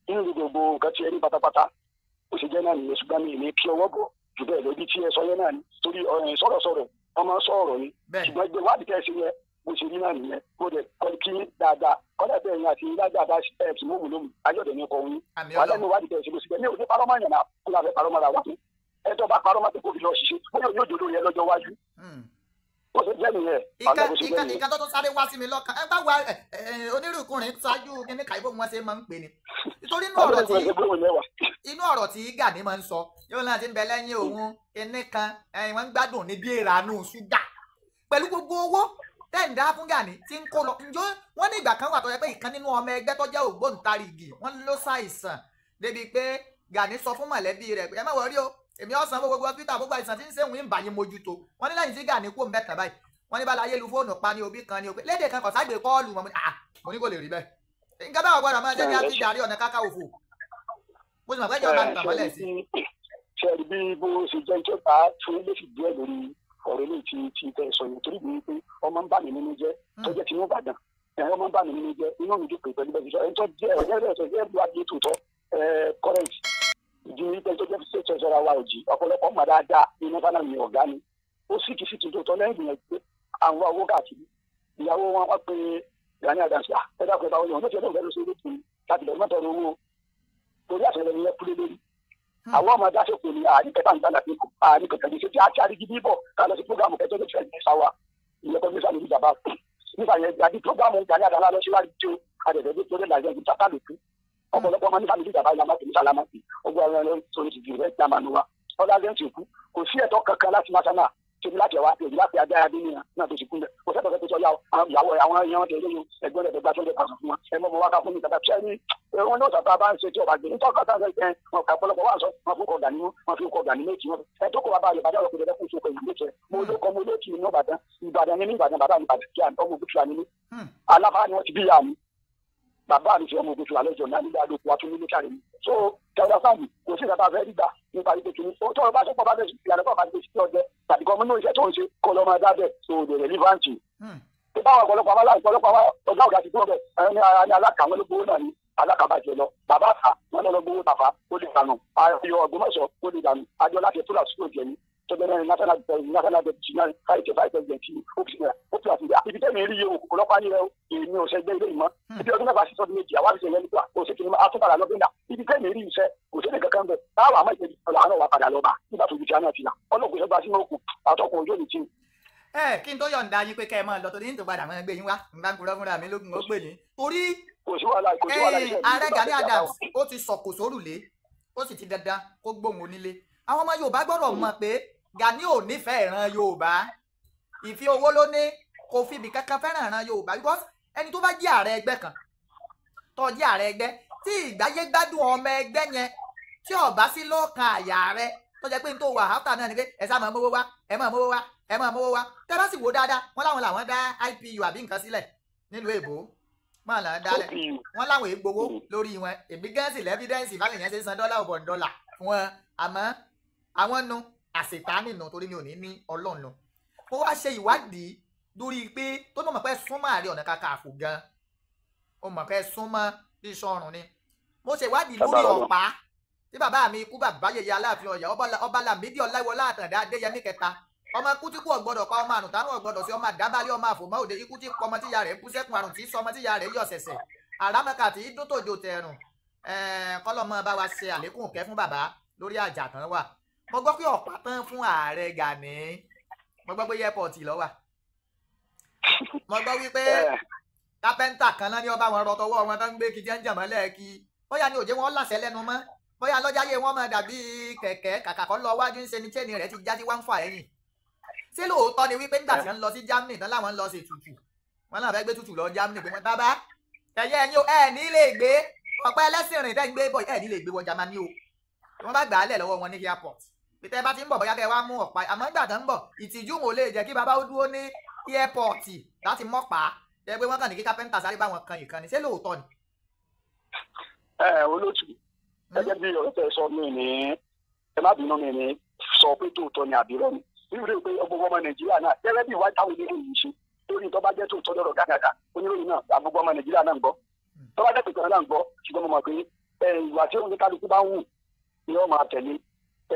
nínú gbogbo nǹkan tí ẹni pátápátá ó ṣe jẹ́ náà nìyẹn ṣùgbọ́n mi èmi kí ọwọ́ bọ̀ jù bẹ́ẹ̀ lójú tí ẹ sọ yẹn náà ni torí sọ̀rọ̀sọ̀rọ̀ ọmọ sọ̀rọ̀ ni ṣùgbọ́n gbé wádìí kẹ́sì yẹn bó ṣe rí náà nìyẹn mo dẹ̀ kọ́ kí dáadáa kọ́lá bẹ́ẹ̀ ni àti ìdájọ́ àbá steps mọ́mù lómù ayọ̀dẹ̀ ní ọkọ̀ wí. wà lẹ́nu ìwádìí bẹ̀rẹ̀ ṣubú síbẹ̀ mi ò ní parọ́ máa yànnà kó la fẹ́ parọ́ máa ra wá fún ẹjọ́ bá parọ́ máa tẹ̀ kó fi lọ ṣiṣẹ́ bóyá yóò jòdó yẹn lọ́jọ́ iwájú. Hmm. ó ṣe jẹ́ nìyẹn. ìka tó tó sáré wá sí mi lọ́kàn ẹ bá wa onírùkùnrin ṣáájú kíní kàìbó wọn ṣe máa ń pè ní. nítorí inú ọ̀rọ̀ tí Gani máa ń sọ yóò náà ti ń bẹ lẹ́yìn òun kíní kan wọ́n ń gbádùn ní bí ìranú ṣúgà pẹ̀lú gbogbo owó tẹ́ ń dá fún Gani tí ń kó lọ ǹjọ́ wọ́n ní ìgbà kan wà tó yẹ pé ìkan nínú ọmọ ẹgbẹ́ tó jẹ́ ògbóǹtarìgì wọ́n ló ṣàìsàn débi pé Gani sọ fún mọ̀lẹ́bí rẹ̀ pé ẹ má wọrí o èmi ọ̀sán gbogbo hospital gbogbo àìsàn tí ń sẹ́wọ̀n ń bàyín mójútó wọ́n ní lẹ́yìn tí Gani kú òǹbẹ̀ tàn báyìí wọ́n ní balaye lu fóònù pa ní òbí kan ní òbí léde kan kọ̀ságbè kọ́ọ̀lù wọn mo ní kò lè rí bẹ́ẹ̀ nǹkan báwọn gbọ́dọ̀ máa jẹ́ ọ̀rọ̀ ti ti tẹ sọ̀rọ̀ torí mi pé ọmọ ń bà mí nínú jẹ́ tó jẹ́ tinú Ìbàdàn ọmọ wa òjì inú mi ni ó sì kì í sì ìgbìyànjú pé àwọn owó káàkiri Hmm. àwọn ọmọ dáṣe kò ní àárín kẹta ń dáná pé àárín kẹta ní ṣe tí a ti àrígi bíbọ ká lọ sí programu kẹjọ ló ti ẹgbẹ sáwa ìyẹn tó ń sáré ní jàmbá nípa yẹn àti programu gani adala lọ síwájú tí ó àdẹ̀dẹ̀ tó tó lè láyé ẹgbẹ sáká lòkú ọ̀pọ̀lọpọ̀ ọmọ nípa ní jàmbá ìlànà tèmi sálámà sí ọgbà ẹ̀rọ tó ti di rẹ̀ dàmánú wa ọlá lẹ́yìn tó kú kò sí ẹ̀tọ́ kankan láti máa sáná tóbi láti ẹwà tóbi láti agbára bí nìyẹn náà tó ti kúnlẹ̀ kò sẹ́tọ̀ sẹ́tọ̀ sọ yàwó àwọn ìyàwó àwọn èèyàn wọn tẹ̀lé yín ẹgbẹ́ rẹ̀ tẹ̀gbá tó ń tẹ̀ pàṣẹ fún wọn ẹ mọ̀ mọ̀ wá ká fún mi kàtà ṣẹ́ ni wọn náà sọ̀tọ̀ bá ń ṣe tí ọba gbé nítorí kọ́ta ṣe ẹ wọn kà pọ̀lọpọ̀ wà sọ wọn fún kọgà nínú wọn fún kọgà nínú ètí wọn ẹ tó kọ bàbá rẹ bàjẹ́ ọkùnrin rẹ kún sókè bàbá mi fi ọmọ ogun tó wà lẹ́jọ́ náà nígbà lóko wa tún ní lókàrí mi so kẹwàá sáàmù kò sí ìkàtà fẹ́ẹ́ dìgbà nípa ìpè kìíní ó tọrọ bá sọpọ bá bẹ ìyànà pọ̀ bá bẹ sí ọjẹ tàbí kan nínú iṣẹ́ tó ń ṣe kó lọ máa dábẹ so the relevant. tó hmm. bá wọn ọ̀pọ̀lọpọ̀ àwọn ọ̀pọ̀lọpọ̀ àwọn ọ̀gá ọ̀gá ti gbọ́ bẹ̀ ẹni ara ni alákàwọn ló gbowó náà ni alákàbàjẹ́ lọ bàbá àfà wọn lọ gbowó tàfà ó lè dànù ayọ̀ Ògbómọ̀ṣọ́ ó lè dànù adéọlá kẹtùlà sùkúrò jẹ ni tẹlẹrẹ nàkànàdẹjìnà káyọ̀tì fàìtẹ̀jẹ̀tì òkìlẹ̀ òkìlẹ̀ àti ibi tẹ́mi rí yẹ òkùnkùn lọ́pàá yẹn o èmi ò sẹ́gbẹ́ ilé ìmọ̀ hmm. ibi ọdún mẹ́fà sísọ ní méjì àwa àbísẹ̀ yẹn nípa kò sí kìnnìún atúbàrà lọ́gbìn náà ibi tẹ́mi rí iṣẹ́ kò sí nìkan kan bẹ̀ báwa àmọ́ ìṣẹ̀lẹ̀ ọ̀la àná wa padà lọ́ba nígbà tó ju ti àná ti nà ọlọ́kùn ṣẹ́gbà sínú òkun àtọkùn ojú ni ti. ẹ kí n tó yọ̀ǹda yín pé kẹ́ ẹ máa lọ torí nítorí padà máa gbé yín wá n bá kúrọ́ fúnra mi lógun ó gbé yín torí ààrẹ Gani Adams ó ti sọ̀kò sórùlé ó sì ti dandan kó gbóhùn onílé àwọn ọmọ Yorùbá gbọ́dọ̀ mọ̀ pé Gani ò nífẹ̀ẹ́ ìran Yorùbá ìfi owó ló ní kò fi ibì kankan fẹ́ràn ìran Yorùbá because ẹni tó bá jẹ́ ààrẹ ẹgbẹ́ kan tó jẹ́ ààrẹ ẹgbẹ́ tí ìgbáyé gbádùn ọmọ ẹgbẹ́ yẹn tí ọba sí lọ́ọ̀kan àyà rẹ tó jẹ́ pé n tó wà áfta náà ni pé ẹ sá máa mówó wá ẹ máa mówó wá ẹ máa mówó wá tẹ́ bá sì wò dáadáa wọ́n láwọn làwọn dá IPU àbí nǹkan sílẹ̀ nílùú èbó máa là ń dálẹ̀ wọ́n láwọn ègbowó lórí wọn èmi gẹ́ǹsì lẹ́fídẹ́ǹsì báyìí yẹn ṣe san dọ́là ọ̀bọ̀n dọ́là wọn àmọ́ àwọn nu àṣetánì náà torí mi ò ní ní ọlọ́run lọ ó wá ṣe ìwádìí lórí pé tó náà mọ̀ pé súnmọ́ Ààrẹ Ọ̀nà Kakanfò gan ó mọ̀ pé súnmọ́ iṣan ọrùn ni mo ṣe ìwádìí lórí ọ̀pá tí bàbá mi ikú bàbá yèyé Aláàfin Ọ̀yọ́ ọba Lámídì Ọláyíwọlá Àtàndá Adéyẹmí kẹta ọmọ kútí kú ọgbọ́dọ̀ pa ọmọ àrùn táwọn ọgbọ́dọ̀ sí ọmọ àdábálẹ ọmọ àfòmọ òde ikú tí pọmọ tíya rẹ̀ kú sẹkùn àrùn tí sọmọ tíya rẹ̀ yọ ṣẹ̀ṣẹ̀ àràmọkà tí dótòjò tẹrùn kọlọmọ bá wa ṣe àlékún kẹ fún bàbá lórí àjà wà mo gbọ́ pé ọ̀pá tán fún ààrẹ Gani mo gbọ́ pé airport ló wà mo gbọ́ wípé kápẹ́ńtà kan náà ní ọba wọn rọ tọwọ́ wọn tó ń gbé kí jẹ́ ń jẹ̀mọ́ lẹ́ẹ̀kí bóyá ni òjé wọn làṣẹ lẹ́nu mọ́ bóyá lọ́jàyé wọn máa dàbí kẹ̀kẹ́ kàkà kan lọ wájú ń ṣe ni chain rẹ̀ ti já sí wáńfà ẹ̀yìn ṣé lóòótọ́ ni wípé nígbà tí wọ́n lọ sí Germany tán láwọn ń lọ sí tutù wọn náà fẹ́ gbé tutù lọ Germany pé wọ́n bábá ẹ̀yẹ ẹ̀yin ẹ̀ ní lè gbé ọ̀pẹ́ ẹlẹ́sìn rìn tẹ́ ń gbé bọ̀ ẹ̀ ní lè gbé wọ Germany o wọ́n bá gbà á lẹ̀ lọ́wọ́ wọn ní airport pété bá ti ń bọ̀ bóyá kẹ́ ẹ wá mú ọ̀pá àmọ́ nígbà tó ń bọ̀ ìtìjú wọn ò lè jẹ́ kí bàbá ó dúró ní airport láti mọ̀pá jẹ́ pé wọ́n kàn ní kí kápẹ́ńtà sáré bá wọn kan ìkànnì ṣé lóòótọ́ ni. ẹ ẹ olóòtú hmm? gẹ́gẹ́ bí ọ̀rẹ́ tẹ sọ mí ní ẹ má bínú mi ní sọ pé tòótọ́ ni àbírọ́ ni nítorí pé gbogbo ọmọ nàìjíríà náà gẹ́gẹ́ bí ìwádìí àwọn oníròyìn ṣe lórí tó bá jẹ́ tòótọ́ lọ́rọ̀ gàgàgà oníròyìn náà gbogbo ọmọ nàìjíríà náà ń gbọ́ hmm. tó bá jẹ́ tòótọ́ náà ń gbọ́ ṣùgbọ́n mo mọ̀ pé ìwà tí oníkálukú bá ń wù ni wọ́n máa tẹ̀lé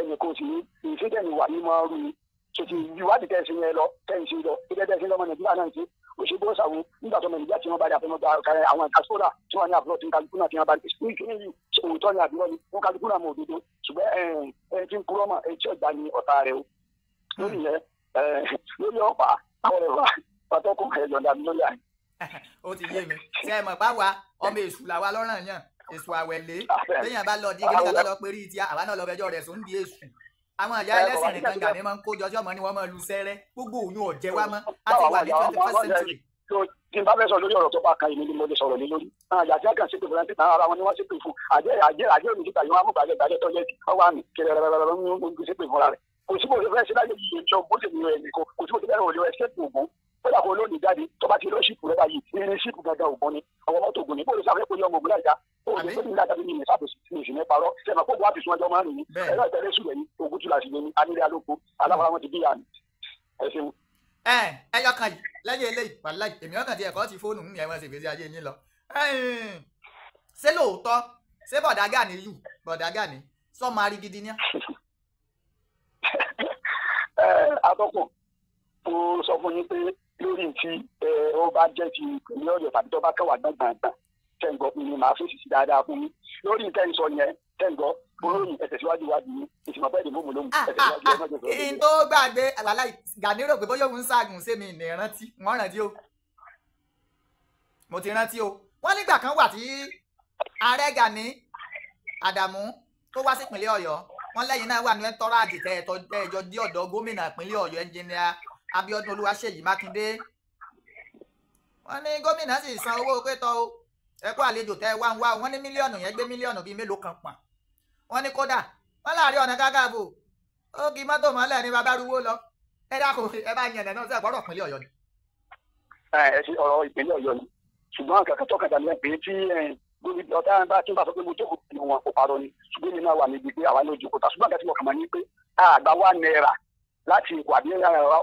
ẹnì kan sì ní ìfídẹ̀ ni wà ní máa rú ni tòtí ìwádìí tẹ̀sí yẹn lọ tẹ̀sí lọ tẹ̀sí tẹ̀sí lọ́mọ nàìjíríà náà ti òṣèlú ọ̀sàwò nígbà tó nàìjíríà ti wọn báyìí àfẹmọ kàrẹ àwọn ìkàsóra tí wọn ní àbúrò tí kálukú náà ti wọn báyìí ní ìfẹ́ yìí òótọ́ ni àbúrò ni wọn kálukú náà mọ òdodo ṣùgbọ́n ẹ ẹ ti ń kúrọ́ mọ̀ ẹ tí ó gbà ní ọ̀tá rẹ o lórí yẹn ẹ lórí ọ̀pá àwọn ẹ̀rọ pàtó kò kẹ̀ yọ̀ǹda mi lórí àyè. *laughs* ó ti yé mi ṣe é mọ̀ báwa ọmọ èṣù làwa lọ́ràn yàn èso àwẹ̀lé lẹ́yìn àbá lọ dígí nígbà tó lọ pé rí ti àwa náà lọ fẹjọ́ rẹ̀ sùn bí èsù àwọn àyà ẹlẹ́sìn nìkan gà ní máa ń kójọ tí ọmọ ni wọ́n máa lu sẹ́rẹ́ gbogbo òun ò jẹ́ wá mọ́ á ti wà ní twenty first century. tí n bá fẹ́ sọ lórí ọ̀rọ̀ tó bá ka èmi ni mo lè sọ̀rọ̀ lé lórí àyà tí a kàn ṣépè fúnra títà ara wọn ni wọ́n ṣépè fún àjẹ́ àjẹ́ àjẹ́ òní títà yìí wọ́n á mú gbàjẹ́ gbàjẹ́ tọ́lẹ́tì ọwọ́ àmì kẹrẹrẹrẹrẹ ń ṣépè fúnra rẹ̀ kò síbò tó fẹ́ ṣe láyé ìṣèjọ bó ṣe nìyẹn nìkan kò síbò tó fẹ́ rẹ̀ òlè ẹ̀ṣẹ́ kódà kó lónìí jáde tó bá ti lọ́ṣìpù rẹ báyìí irin ṣìpù gangan ògbọ́n ni àwọn ọmọ tó gùn ní bóòlù sáfẹ́ kó yọ ọmọ ògùn láìka bóòlù tó ní láìka ní ìmẹ̀sà ní ìsìn mẹ́pa rọ sẹ́mi kó wá fìsún ọjọ́ márùn-ún ni ẹ̀rọ ìtẹ̀lé sùn lẹ́yìn ogun tún láti lẹ́ni anílẹ̀ alóko alábàárà wọn ti bí àmì ẹ ṣeun. ẹ ẹ yọ kan lẹ́yìn eléyìí wàláì èmi ọkàn ti ẹkọ ti fóònù mi ẹwọn ṣègbè sí ayé yín lọ. ṣé lóòótọ́ ṣé bọ̀dágà ni yù bọ̀dágà ni sọ máa rí gidi ní. *laughs* atọ́kùn mo sọ fún yín pé lórí ti ó bá jẹ́ ti ìpínlẹ̀ ọ̀yọ́ tàbí tó bá kẹwàá gbàngbàngbà tẹ̀gbọ́ ni màá fèsì sí dáadáa fún yín lórí nǹkan ìsọ yẹn tẹ̀gbọ́ olóyìn ẹ̀tẹ̀síwájú wájú yín ìsìnkú bẹ́ẹ̀ ni mo mú lóhùn ẹ̀tẹ̀síwájú ah, ah, ah, ẹ̀ tó gbàgbé àlàlá gani rò pé bóyá òun ṣaagùn sí mi ní ìrántí wọ́n rántí o mo ti rántí o wọ́n nígbà kan wà tí ààrẹ Gani Adamu tó wá sí ìpínlẹ̀ ọ̀yọ́ wọ́n lẹ́yìn náà wà ní ẹ̀tọ́rọ̀ àjẹtẹ̀ ẹ̀jọ́ dí ọ̀dọ̀ gómìnà ìpínlẹ̀ ọ̀yọ́ ẹnjìnìá Abíọ́dún Olúwaṣèyí Mákindé wọ́n ní gómìnà sì san owó pétọ́ o ẹ kó àlejò tẹ́ ẹ wá ń wá wọ́n ní mílíọ̀nù yẹn gbé mílíọ̀nù bíi mélòó kan pọ̀n wọ́n ní kódà wọ́n láàrin ọ̀nà kákàbò ó kì í mọ́tò mọ́lẹ̀ ní bàbá arúgbó lọ ẹ dákò ẹ bá yẹn náà sẹ́ẹ̀ gbọ́dọ̀ pínlẹ̀ Ọ̀yọ́ ni. ẹ ṣe ọ̀rọ̀ ìpínlẹ̀ Ọ̀yọ́ ni ṣùgbọ́n kankan tó kàdà ní pé tí gómìnà ọ̀tá bá tún bá sọ pé mo jókòó nínú wọn kó parọ́ ni ṣùgbọ́n mi náà wà níbi pé àwa ló jókòó ta ṣùgbọ́n kẹ́tí mo kàn máa ní pé àgbà wa náírà láti Èkó àbí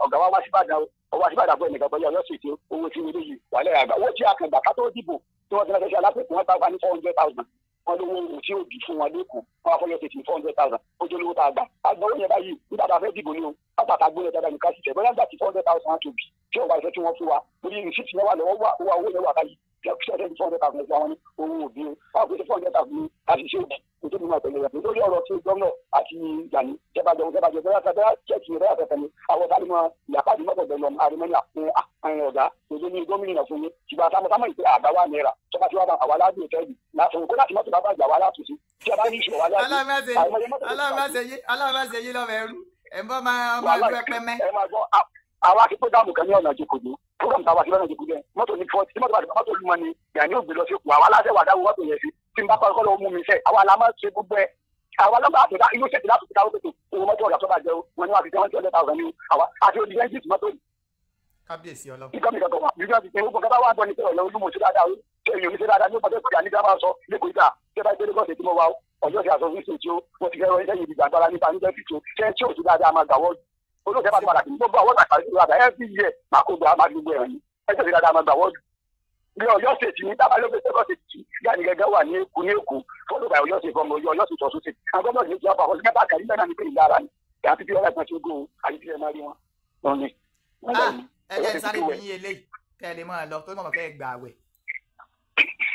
ọ̀gá wa wá síbàdàn ọwọ́ síbàdàn bọ́ ẹnìkan bọ́yá ọlọ́sìn tí owó tí ilé yìí wà lẹ́yìn àgbà owó tí a kàn gbà ká tó dìbò tí wọ́n ti ránṣẹ́ sí alápèkú wọn bá wà ní four hundred thousand wọn lówó ohun tí ó dì fún wọn lẹ́kọ̀ọ́ wọn wá fọyọ́ tètè four hundred thousand ó jẹ́ olówó tá a gbà a gbọ́ owó yẹn báyìí nígbà tá a fẹ́ dìbò ní o àtàtà gbọ́dọ̀ dáadáa nìkan sì tẹ̀ bọ́lá nígbà tí four hundred thousand á tóbi tí ọba ìfẹ́ tí wọ́n fún wa orí rìsíìtì yẹn wà lọ́wọ́ wà owó owó yẹn wà báyìí ṣẹ́ẹ̀tẹ̀ ní four hundred thousand ẹ̀sìn àwọn ní owó òbí o báwo pé four hundred thousand ní àṣìṣe òbí kò tó nínú àtẹ̀lé rẹ̀ lórí ọ̀rọ̀ tí gómìnà àti Gani jẹbàjọ jẹbàjọ bẹ́ẹ̀ bẹ́ẹ̀ jẹ́ẹ̀tì rẹ̀ àtẹ̀tẹ̀ ni àwọn ọ̀gá ni wọn yàtọ̀ àti mọ́tọ̀dọ̀ lọ àrímọ́nì àfún àwọn ọ̀gá lójú ní gómìnà fún yín ṣùgbọ́n àtàmọ́tàmọ́ ìpè àbáwá náírà tọ́ba tí wọ́n bá àwa ládùn ìfẹ́ yìí láfún kó láti mọ́tò bá bá ìgbà wa látùsí tí a bá ní ìṣòro wa látùsí. alámẹ́sẹ̀ yìí lọ́mọ ẹrú ẹ bá máa máa gbẹ pẹmẹ. ẹ máa gbọ́ àwa kí programu kan ní ọ̀nà ìjòkòdì programu tàwa sí lọ́nà ìjòkòdì mọ́tò ní fọ́ọ̀tì tí mọ́tò bá mọ́tò lu mọ́ ni yanni ògbé lọ sí ipò àwa aláṣẹ wà dáwọ́ mọ́tò yẹn sí tí n bá kọ́ lọ́wọ́ mú mi sẹ́ àwa la máa ṣe gbogbo ẹ̀ àwa lọ́gbà àtúntà inú ṣètì láti fi káwọ́ tètè owó mọ́tò ọ̀dà tó bá jẹ́ wọn ni wọ́n ti jẹ́ wọ́n ti ọ̀dẹ́ ta ni àwa àti ẹ̀yìn oníṣẹ́ dáadáa ní ọjọ́ ìgbà nígbà máa sọ lẹ́kọ̀ọ́ ìgbà tẹ́ bá gbé lẹ́kọ̀ọ́ tètè mọ́ wa ọjọ́ ìgbà sọ wíṣọ tí ó wọ́n ti fẹ́ràn ẹ̀yìn ìgbà gbára nípa níjẹ́ fìtò ṣẹ́ tí ò sí dáadáa máa gbà wọ́ọ̀dù olóòtú bá ti padà kí n gbogbo àwọn àgbà ìlú àgbà ẹ̀ bí yẹ máa kó gbà máa gbogbo ẹ̀rọ ni ẹjọ́ ìgbà dáadáa máa gbà wọ́ọ̀dù ní Ọ̀yọ́ ṣètì ní tábàlógbé sẹkọ ṣètì yáni gẹ́gẹ́ wà ní Èkó ní Èkó fọlọ bá Ọ̀yọ́ ṣètì ọmọ Ọ̀yọ́ ṣètì Ọ̀ṣun ṣètì àwọn gómìnà ní ìjọba àwọn ìgbà kàrí mẹ́ta ní pé ìlà ara ni yàtí bí ọlá ìpàṣẹ ogun àyè tí ẹ máa rí wọn lọ ni. Ah, ẹ jẹ́ sáré mi yín eléyìí kẹ́ ẹ lè máa lọ tó mọ̀ pé ẹ gbà àwẹ̀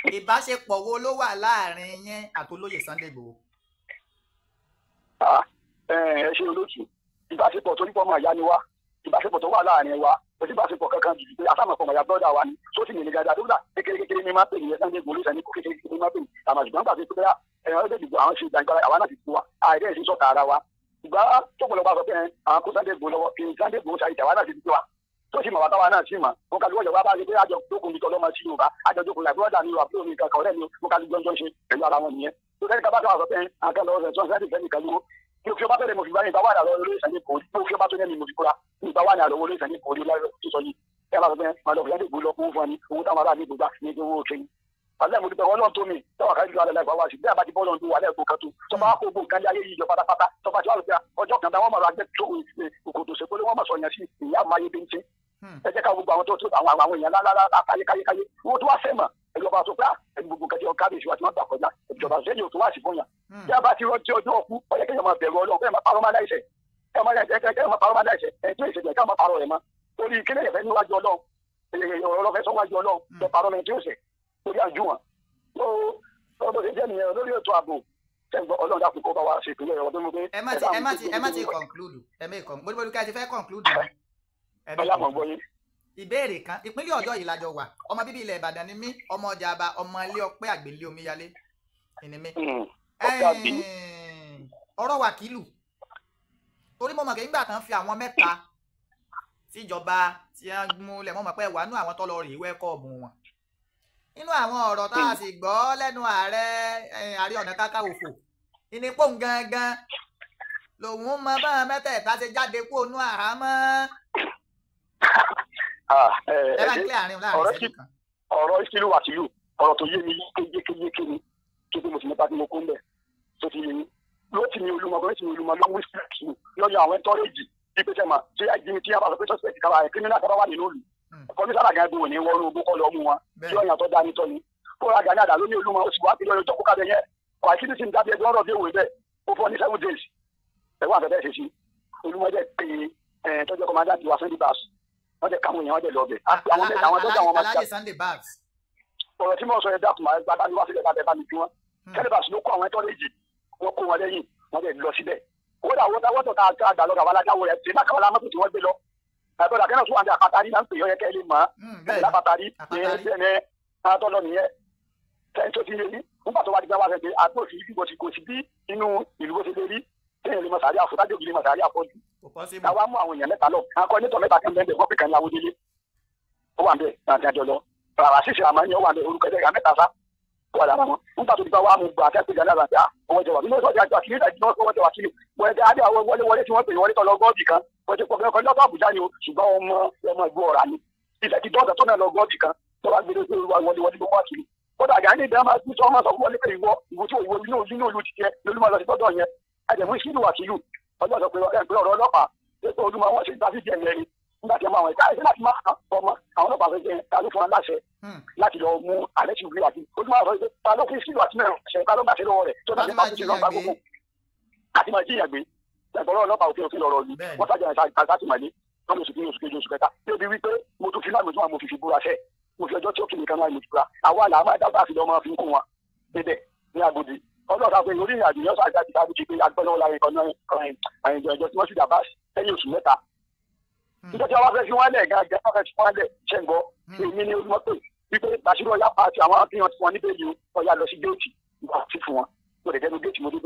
ìbáṣepọ̀ wo ló wà láàrin yín àtolóyè Sunday Igboho. ẹ ẹ ṣe olóòtú ìbáṣepọ̀ tó ní pọ́nmọ́ àyá ni wá ìbáṣepọ̀ tó wà láàrin wa kò sí ìbáṣepọ̀ kankan jù pé àtàwọn ọkọ̀ ọ̀yà bọ́dà wa ni tó sì nìyẹn dáadáa tó dà kékeré kékeré ni máa pè nìyẹn Sunday Igboho kékeré kékeré ni máa pè ní àmọ́ ṣùgbọ́n gbàgbé pé ẹ̀rọ ẹgbẹ́ ìdìbò àwọn ṣe ìdàgbàra àwa náà ti tu wa àìdẹ́ẹ̀sì sọ̀tà ara wa ìgbà tó pọ̀lọpọ̀ àgbà àwọn náà ti tó sì mọ̀ wá táwa náà sì mọ̀ mo kàlù wọ́n ìjọba bá rí pé àjọ jókòó nìkan lọ́mọ sí yorùbá àjọ jókòó làbúrò dà ní àbúrò mi kankan ọ̀rẹ́ mi mo kàlù jọjọ ṣe pẹ̀lú ara wọn nìyẹn tó sẹ́ni ká bá tọ́ àwọn pẹ́ àǹkan lọ́wọ́ sẹ́ni sọ́ni sẹ́ni kan lówó mo fi ọba bẹ̀rẹ̀ mo fi bá yẹn bá wà lọ lórí ìsẹ̀yìn kò fi ọba tó yẹn mo fi kóra mo bá wà ní àlọ́wọ́ lórí kò ní sísọ yìí ẹ bá sọ ni alẹ́ mo dúpẹ́ ọlọ́run tó mi tọ́wọ́ kájú alẹ́ láì fọwọ́ sí bí abájí bọ́ọ̀lù ọdún alẹ́ ẹ̀kọ́ kan tó tọ́ba kó gbó nǹkan ayé yìí jọ pátápátá tọ́ba tí wàá lọ pé ọjọ́ kan dá wọ́n máa ra jẹ́ tó òkòtò ṣe pé wọ́n máa sọ sí ìyá àmọ́ ayé bí ń ṣe Hmm. ẹ jẹ́ ká gbogbo àwọn tó tó àwọn àwọn èèyàn lálálá káyé káyé káyé owó tó wá fẹ́ mọ̀ ẹ̀jọba tó pé ah, ẹni gbogbo kẹjọ kábíyèsí wa ti máa gbà kọjá ìjọba sẹ́yìn òtún wá sí fún yàn hmm. tí a bá ti rọjò ọjọ́ ọkú ọ̀yẹ́ kéèyàn máa bẹ̀rù ọlọ́run kéèyàn máa parọ́ máa láìsẹ̀ kéèyàn máa parọ́ máa láìsẹ̀ ẹ̀jọ́ ìṣẹ̀jẹ̀ ká máa parọ́ rẹ̀ mọ́ torí kílẹ̀ yẹn fẹ́ níwájú ọlọ́run ọ̀rọ̀ fẹ́ sọ́wájú ọlọ́run ẹ̀ hmm. parọ́ mi tí ó ṣe torí àjú wọn. ọ̀dọ̀ ṣe jẹ́ nìyẹn lórí ètò ààbò ọlọ́run dàpọ̀ kó bá wa ṣèpínlẹ̀ ọ̀dọ́ mi pé. ẹ má ti ẹ má ti conclude ẹ má ti conclude ìbéèrè kan ìpínlẹ̀ ọ̀yọ́ yìí lájọ wà ọmọ bíbí ilẹ̀ ìbàdàn ni mí ọmọ ọjà àbá ọmọ ilé ọpẹ́ àgbélé omíyalé ni mí hmm, ọ̀rọ̀ wàkìlù torí mo mọ̀ kí nígbà tán fi àwọn mẹ́ta síjọba tí wọ́n múlẹ̀ mo mọ̀ pé wà nú àwọn tó lọ rèé wẹ́kọ̀ ọ̀bùn wọn nínú àwọn ọ̀rọ̀ tá a sì gbọ́ lẹ́nu ààrẹ eh, ààrẹ ọ̀nà kakanfò ìnípò gangan lòun mọ bá mẹ́tẹ̀ẹ̀ta ṣe jáde kúrò nú àhámọ́ ọ̀rọ̀ ìṣirò àṣírò ọ̀rọ̀ tó yé mi ni tó tó mo sì nípa tí mo kó ń bẹ̀ tó ti yé mi ló ti mi olúmọ gbọ́dọ̀ ti mi olúmọ lọ́wọ́ lọ́yọ̀ àwọn bí tí tí a bá sọ pé sọ́sẹ̀tì kára ẹ̀ kírímínà kára wà ma hmm. ní olúmọ oṣù wa kìlọ̀ ọjọ́ kókàbẹ yẹn wọ́n dẹ̀ káwọn èèyàn wọ́n dẹ̀ lọ bẹ̀ àwọn dọ́jà wọn máa ń jà ọ̀rọ̀ tí mo sọ yẹn dákun máa ń gbàdánù wá sílẹ̀ bàbá mi bí wọ́n hmm. kẹ́lẹ́bàsì ló kó àwọn ẹ̀tọ́ méjì wọ́n kó wọn lẹ́yìn wọ́n dẹ̀ lọ síbẹ̀ kódà wọ́n dáwọ́ tó ta àgbà lọ́gà wà rẹ̀ ṣe mákàwọ́ lámọ́tò tí wọ́n gbé lọ àgbọ̀dà kẹ́nà wà ní àpátarí kéèyàn lè mọ sàárì àfọ tájò gidi mọ sàárì àfọ jù káwá mú àwọn èèyàn mẹ́ta lọ akọ nítọ mẹ́ta kan bẹ́ẹ̀ wọ́n pìkan ní awódélé ó wà bẹ́ẹ̀ dáadáa jọjọ rárá ṣíṣe àmọ́ ẹni ó wà bẹ́ẹ̀ orúkọ ẹ̀dẹ́gà mẹ́ta sá ó wà lára wọn nígbà tó ti bá wà mú gbà akẹ́kọ̀ọ́ ìjà lára àgbà ọwọ́ jọba nínú ìsọ̀jà àjọ àkìlẹ̀ ìdájí náà ọwọ́ jọba kílù wọ́n adé àwọn wọlé wọlé tí wọ́n pè wọlé tọ́lọ gọ́ọ̀bì kan wọ́n ti pọ̀gbẹ́ kan lọ́gbà àbújá ni o ṣùgbọ́n ọmọ ọmọ ìgbó ọ̀rà ni ilẹ̀ ti dọ́ọ̀dà tó náà lọ gọ́ọ̀bì kan tọ́wọ́ gbèrè wọlé wọlé gbogbo àkìlẹ̀ kódà gàánì ìdá máa tún sọ ọmọ sọ wọlé pé ìwọ ìwọ tí òwò inú olú ti jẹ lolúmọ lọ sí tọdọ yẹn àjẹmú ìṣídùú àti yù ọjọ́ sọ pé ẹgbẹ́ ọ̀rọ̀ ọlọ́pàá tó olúmọ wọn ṣe gbáfi díẹ̀ lẹ́ni nígbà tí wọn àwọn ẹ̀ka ẹ̀sìn láti máa ọmọ àwọn ọlọ́pàá fẹ́ jẹ́ ta ló fún wọn láṣẹ hmm. láti lọ mú alẹ́ ti wúlò àti olúmọ àwọn ọ̀rọ̀ ta ló fi ìṣídùú àti mẹ́rin ṣẹ̀ ta ló bá ṣe lọ́wọ́ rẹ̀ tó dájú pàtó ti lọ́ọ́ bá gbogbo àti máa jíyàn gbé ẹgbọrọ ọlọ́pàá òfin òfin lọ́rọ̀ yìí wọn sájà àtàtìmọlé lọmọ oṣù kìíní oṣù kejì oṣù kẹta tí ó di wípé mo tún fi náà mo tún àmọ fífi búra fẹ mo fi ọjọ́ tí ó kì í kan náà mo fura àwa là á máa dábàá àfi lọmọ fi ń kún dúpẹ́ lọ́wọ́ láyé ọ̀nà àyìnjọ ìjọ tí wọ́n ṣùgbọ́n bá lẹ́yìn oṣù mẹ́ta. Hmm. nígbà tí wọ́n fẹ́ fi wọ́n lẹ̀ gángan wọ́n fẹ́ fi wọ́n lẹ̀ ṣẹ́ǹgbọ́ hmm. èmi ni wọ́n pè wípé bàṣírò ọ̀yá pa àti àwọn akéwọ̀n tí wọ́n níbẹ̀ yìí ọ̀yá lọ sí géètì ìgbà tí fún wọn tó dẹ̀dẹ̀ ní géètì mo tó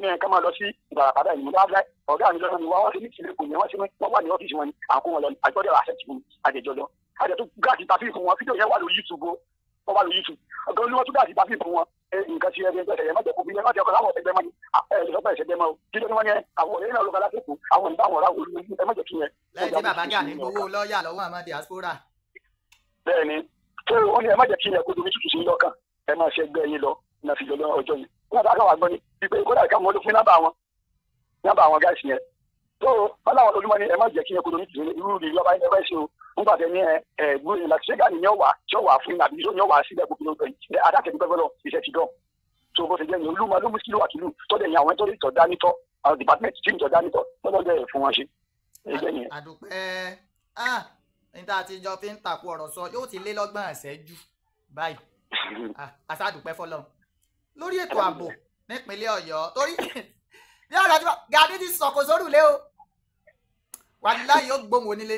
ní ẹ̀ka máa àkó wọn lọ àjọyọ̀ àṣẹjì fún àjẹjọjọ àjẹtú gáàsì tàbí fún wọn fídíò yẹn wà lórí youtube wọn wà lórí youtube ọgá olúwọ́n tún gáàsì tàbí fún wọn nǹkan ti ẹgbẹ́ ẹgbẹ́ ẹ̀yẹ mọ́tò kò bí ẹgbẹ́ ọkọ̀ láwọn ẹgbẹ́ mọ́ni ẹ̀ẹ́dẹ́gbẹ́ ẹ̀ṣẹ̀gbẹ́ mọ́ kí ló ní wọ́n yẹn àwọn ọ̀rẹ́ náà ló kọ́ lásìkò àwọn ìbáwọn ọ̀rá olú ẹgbẹ́ mọ́tò tún yẹn. lẹ́yìn tí bàbá gà ní gbowó lọ́ọ̀yà lọ́wọ́ àmọ́ diaspora wa ló mú sílò àtìlù tọ́jà yẹn àwọn tọ́jà ìtọ́jà nítọ́ àwọn department tí ìtọ́jà nítọ́ tọ́jà yẹn fún wọn ṣe. àdùpẹ́ ah níta tí jọ fi ń takò ọ̀rọ̀ sọ yóò ti lé lọ́gbọ̀n ìṣẹ́jú báyìí àṣàdùpẹ́ *laughs* ah, fọlọ́run lórí ètò ààbò nípínlẹ̀ ọ̀yọ́ torí *laughs* bí ọ̀rọ̀ tí Gani ti sọ̀kò sórùlé o wàláhì yóò gbóhùn onílé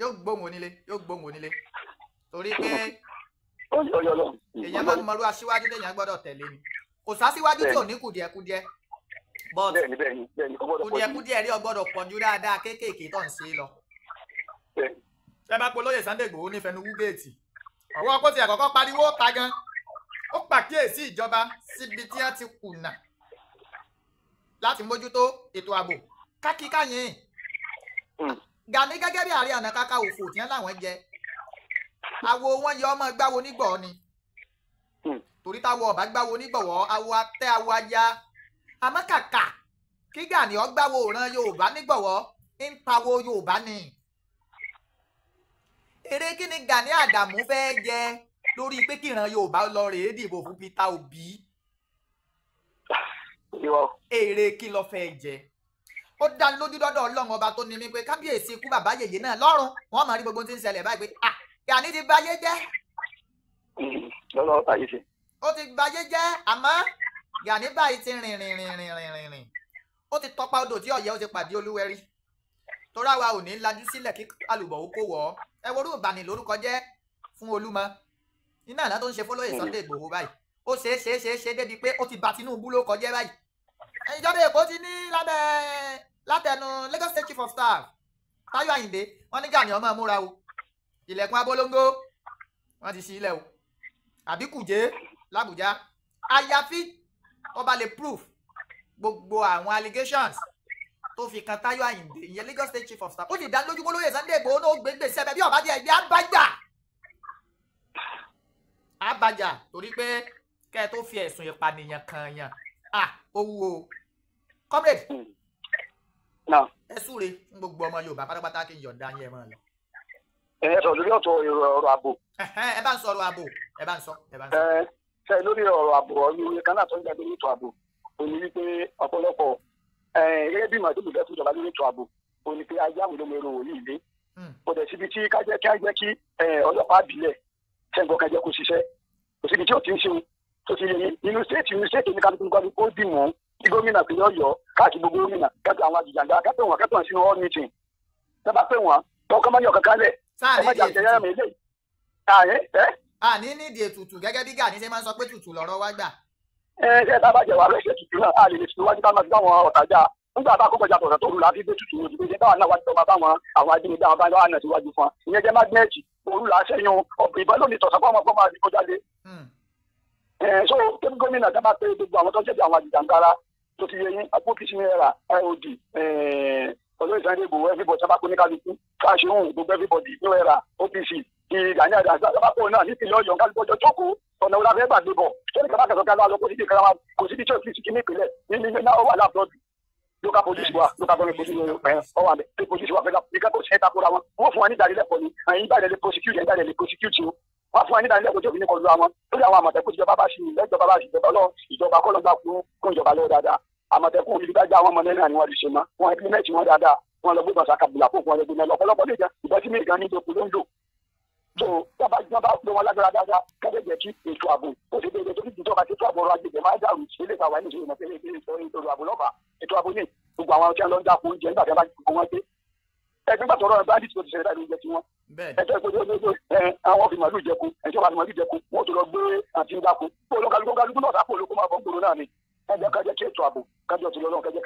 yóò gbóhùn onílé yóò gbóhùn onílé torí pé ó ní orí ọlọ́run. èèyàn máa ń mọ̀lú aṣíwájú lèèyàn gbọ́dọ̀ tẹ̀lé ni kò sásíwájú tí ò ní kùdìẹ̀kudìẹ but kùdìẹ̀kudìẹ rí ọgbọ́dọ̀ pọ̀jù dáadáa kéékèèké tó ń ṣe lọ. ẹ bá polóye Sunday Igboho ní fẹnu wúgéètì ọwọ́ kó ti àkọ́kọ́ pariwo ta gan ó pàkíyèsí ìjọba síbi tí wọ́n ti kùnà láti mójútó ètò ààbò kákíkáyìn hmm. Gani gẹ́gẹ́ bí ààrẹ káká òfò tí wọ́n láwọn jẹ awo wọn yọ ọmọ gbáwo nígbọ̀ ni hmm. torí táwọ ọba gbáwo nígbọ̀wọ́ awo atẹ awo ajá àmọ́ kàkà ni Gani ọ gbáwo òran Yorùbá nígbọ̀wọ́ ń pawó Yorùbá ni eré kí ni Gani Àdàmú fẹ́ẹ́ jẹ lórí pé kí ìran Yorùbá lọ rèé dìbò fún Peter Obi èrè kí lọ fẹ́ jẹ ó dá lójú dọ́dọ̀ Ọlọ́run ọba tó ní mi pé kábíyèsí ikú bàbá yèyé náà lọ́rùn wọ́n máa rí gbogbo tí ń ṣẹlẹ̀ báyìí pé ah Gani ti bayé jẹ́. Mm-hmm. lọ́lọ́ ayé ṣe. ó ti bayé jẹ́ àmọ́ Gani báyìí ti rìn rìn rìn rìn rìn rìn rìn ó ti tọpa odò tí ọ̀yẹ́ ó ti pàdé olúwẹ̀rí torí àwa ò ní lajú sílẹ̀ kí alùbọ̀ ó kó wọ̀ ọ́ ẹ wo orúkọ ìbànú lórúkọ jẹ́ fún olúmọ iná àná tó ń ṣe fọlọ́yè Sunday Ìgbòho báyìí ó ṣe é ṣe é ṣe é ṣe débi pé ó ti bà Tinubu ló kọjá báyìí ìjọba Èkó ti ní látẹnu Lagos State Chief of Staff Táyọ̀ Àyìndé wọ́n ní Gani ọmọ múra o ilẹ̀kùn abolongo wọ́n ti ṣí ilẹ̀ o àbí kùjé làbújá àyàfi ọba lè proof gbogbo àwọn allegations tó fi kan Táyọ̀ Àyìndé ìyẹn Lagos State Chief of Staff ó sì dá lójú bólóyè Sunday Igboho náà ó gbé gbèsè ẹbẹ bí ọba díẹ̀ ẹgbẹ́ àbájá àbájá torí pé kẹ́ ẹ tó fi ẹ̀sùn ìpànìyàn kan yàn à owó o comrade hmm. ẹ̀sùn rẹ̀ fún gbogbo ọmọ Yorùbá pátápátá kí n yọ̀ǹda yẹn mọ́ ọ lọ. ẹ sọ lórí ọ̀tọ̀ ọ̀rọ̀ ààbò. ẹ bá ń sọ ọ̀rọ̀ ààbò ẹ bá ń sọ. ṣe lórí ọ̀rọ̀ ààbò ọ̀rọ̀ kan náà tó ń jáde lórí ààbò ó ní wípé ọ̀pọ̀lọpọ̀ gẹ́gẹ́ bí màdùmù bẹ́ẹ̀ tó jọba lórí ààbò ó ní pé ajé àwọn olómi ìròwò ní ilé hmm. kò dẹ̀ síbi tí kájẹ́ kí ajẹ́ kí ọlọ́pàá àbílẹ̀ kájẹ́ kó ṣiṣẹ́ sáà nídìí ètùtù àní nídìí ètùtù gẹ́gẹ́ bí Gani ṣe máa ń sọ pé tùtù lọ́rọ̀ wá gbà. ẹ ẹ tá a bá jẹ wàá lẹsẹ tùtù náà a lè lè sùn wájú ká máa fi dáwọn ọ̀tajà nígbà tá a kó kọjá tọ̀sán tó rù la fi gbé tùtù ojú pé báwa náà wájú tó máa báwọn àwọn ajínigbé àwọn báyọ̀ àná síwájú fún wa ìyẹn jẹ́ mágínẹ́ẹ̀tì òru là á sẹ́yìn ọ̀pẹ̀ ìbọn lónìí tọ̀sán fún ọmọ fún ọmọ àdìgbò so kébí gómìnà dábà pé gbogbo àwọn tó ń ṣèjì àwọn àjìjàǹgbara tó ti yẹ yín agbófinró ẹ̀rà iod olóyè Sunday Igboho everybody sábà kó ní kálukú fáṣíhùn gbogbo everybody ní ẹ̀rà OPC ti Gani Adams sábà kó náà ní ìpínlẹ̀ Ọ̀yọ́ kálukú ọjọ́ jókòó ọ̀nà òun abẹ́ gbàgbé bọ̀ sẹ́ni kàbá kẹsàn kan lọ kó síbi kan kò síbi tí òfin kìíní ìpínlẹ̀ ní ní náà ó wà láàbọ̀dù local police wa local government police wa ọwọ abẹ state police wa fẹlẹ nìkan kò sẹta kóra wọn wọn fún wa ní ìdánilẹ́kọ̀ọ́ ni àyìn ìdánilẹ prosecute ẹ ìdánilẹ prosecute o wọn fún wa ní ìdánilẹ́kọ̀ọ́ tí òfin ní kọlu àwọn lórí àwọn àmọ̀tẹ́kùn ìjọba bá sì ìjọba bá sì ìjọba lọ ìjọba kọlọgbà fún fún ìjọba lọ dáadáa àmọ̀tẹ́kùn olùdájà àwọn ọmọ náírà ni wọ́n ti ṣe mọ́ wọ́n implement wọn dáadáa wọ́n lọ gbọ́dọ̀ sàkàbùlà fún wọn lọ́gbọ́n lọ ọ̀pọ̀lọpọ̀ lè jẹ́ ìbọn tí mi gan ní ìdókò ló ń lò. tó dábàá tí wọ́n bá pè wọn lágbára dáadáa kẹ́lẹ́ jẹ́ kí ètò ààbò ó ti bẹ̀rẹ̀ tó fi dùn tọ́ka ètò ààbò ọrọ̀ agbègbè máa dàrú sílé ìtawà ní ìṣòro ìmọ̀tẹ́lẹ̀ ètò ààbò lọ́ba ètò ààbò ní gbogbo àwọn tí wọ́n lọ ń dáko oúnjẹ nígbà tí wọ́n bá gbogbo wọn dé ẹgbẹ́ gbàtọ̀ ọ̀rọ̀ bá dìtò ìṣẹ̀lẹ̀ láti oúnjẹ tiwọn. ẹjọ́ ìpèjọ ojú ẹ àwọn fi màálù jẹku ẹjọ́ bá fi màálù jẹku wọ́n tó lọ gbé àti kájọ kájọ kí ètò ààbò kájọ tó lọ́lọ́ kájọ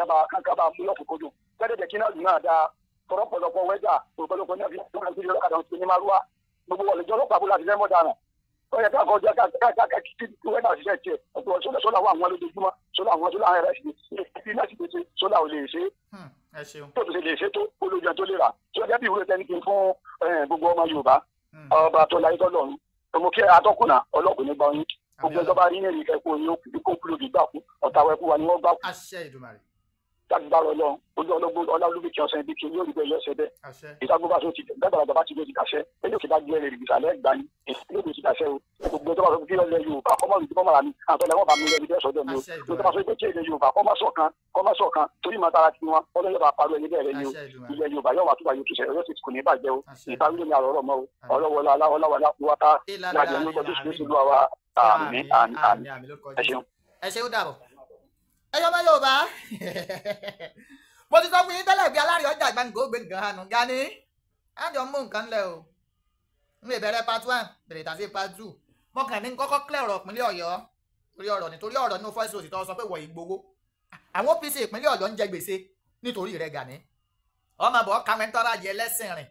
kábà múlọ̀kù kojú kájọ jẹ́ kí náà lù náà dáa tọ̀rọ̀ pọ̀lọpọ̀ wẹ́dà òpọ̀lọpọ̀ ní àfi ìjọba ìjọba ọlọ́kadà òsì ní maruwa gbogbo wọlé jọ ọlọ́pàá bó láti fẹ́ mọ́ dànù ó yẹ káàkọ́ jẹ́ káàkọ́ kí wẹ́dà ṣiṣẹ́ tiẹ̀ ọ̀pọ̀ sólà sólà wà wọn lójoojúmọ́ sólà wọn sólà ara ẹ̀sìn ní láti pèsè sólà ò lè ṣe hmm, tó ti lè ṣe tó olóòjà tó lè rà tí ọjà bí ìwúrò tẹni kí n fún eh, gbogbo ọmọ Yorùbá hmm. ọba tó láyé tọ́lọ́run ọmọ kí atọ́kùnà ọlọ́kùnrin bá yín gbogbo ẹjọba rí ní èrè ìfẹ́ kó o ní ó kúlù gbígbà fún ọ̀tàwẹ́kú wa ni wọ́n gbà fún. àṣẹ Èdùmàrè lágbára Ọlọ́run ojú ọlọgbọ ọlọlọgbẹ kí ọsẹ ibi kí yóò rí bẹ́ẹ̀ yọsẹ bẹ́ẹ̀ ìtagbó bá tó ti gbàgbà bàbá ti lóòdì kàṣẹ eléyìí ti bá gbé ẹrẹ ìgbésà lẹgbàá ni lóòdì ti kàṣẹ o gbogbo tó bá sọ pé kí ọlẹ Yorùbá kọmọ rìndí mọmọ rà mí àtọlẹ wọn bá mi lẹbi bẹ́ẹ̀ sọ́dọ̀ mi o tó bá sọ pé kí èdè Yorùbá kọmọ sọ̀kan kọmọ sọ̀kan torí màá tara tiwọn ọlọyọ bá parọ́ ẹni bẹ́ẹ̀ rẹ ni o ilẹ̀ Yorùbá yóò wà tó bá yóò tùsẹ ọlọsì kò ní bàjẹ́ o ìtàwé ni àrọrọ mọ o ọlọwọlá aláwọláwọlá wọta láti ẹni lọjọ tó sì ń sùn lọ wa àmì àmì àmì ẹ ẹyọ ọmọ Yorùbá *laughs* mo ti sọ fún yín tẹ́lẹ̀ bí alárin ọjà gbàǹgò gbé nǹkan hànú gani àjọ mú nǹkan lẹ̀ o n lè bẹ̀rẹ̀ part one bẹ̀rẹ̀ tàbí part two mo kàn ní kọ́kọ́ clear ọ̀rọ̀ ìpínlẹ̀ Ọ̀yọ́ torí ọ̀rọ̀ nítorí ọ̀rọ̀ ní fọ́ọ̀sì òsìtọ́ sọ pé wọ̀ Ìgbòho àwọn OPC ìpínlẹ̀ Ọ̀yọ́ ń jẹ gbèsè nítorí rẹ̀ Gani ọmọ bọ̀ kàmẹ́ntọ́rà jẹ lẹ́sìn rìn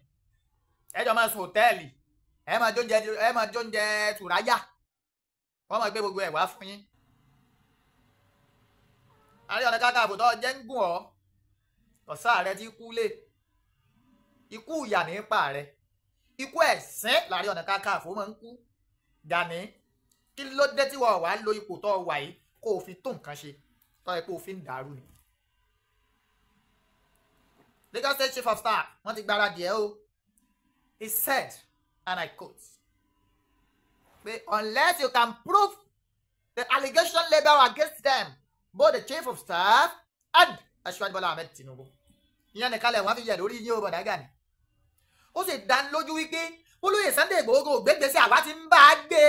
ẹjọ́ máa sùn hòtẹ́ẹ̀lì ẹ máa jóúnjẹ ẹ máa jóúnjẹ tùráyà wọ́n máa gbé gbogbo ẹ̀ wá fún yín àárẹ̀ ọ̀nà kákàfò tó jẹ́ ń gùn ọ́ ọ̀sá rẹ ti kú lé ikú ìyà nípa rẹ ikú ẹ̀sìn làárẹ̀ ọ̀nà kákàfò máa ń kú Gani kí ló dé tí wọ́n wà á lo ipò tó wà yìí kó o fi tó nǹkan ṣe tó yẹ kó o fi ń dàrú ni. Lagos State Chief of Staff wọ́n ti gbáradì ẹ̀ o he said and I quote pé unless you can prove the allegation labelled against them both the chief of staff and Aṣíwájú Bọ́lá Ahmed Tinubu ìyẹn nìkan lẹ̀ wọ́n fi yẹ lórí yín o bọ̀dá Gani ó sì dán lójú wípé olóyè Sunday Igboho gbégbé àwa ti ń bá a gbé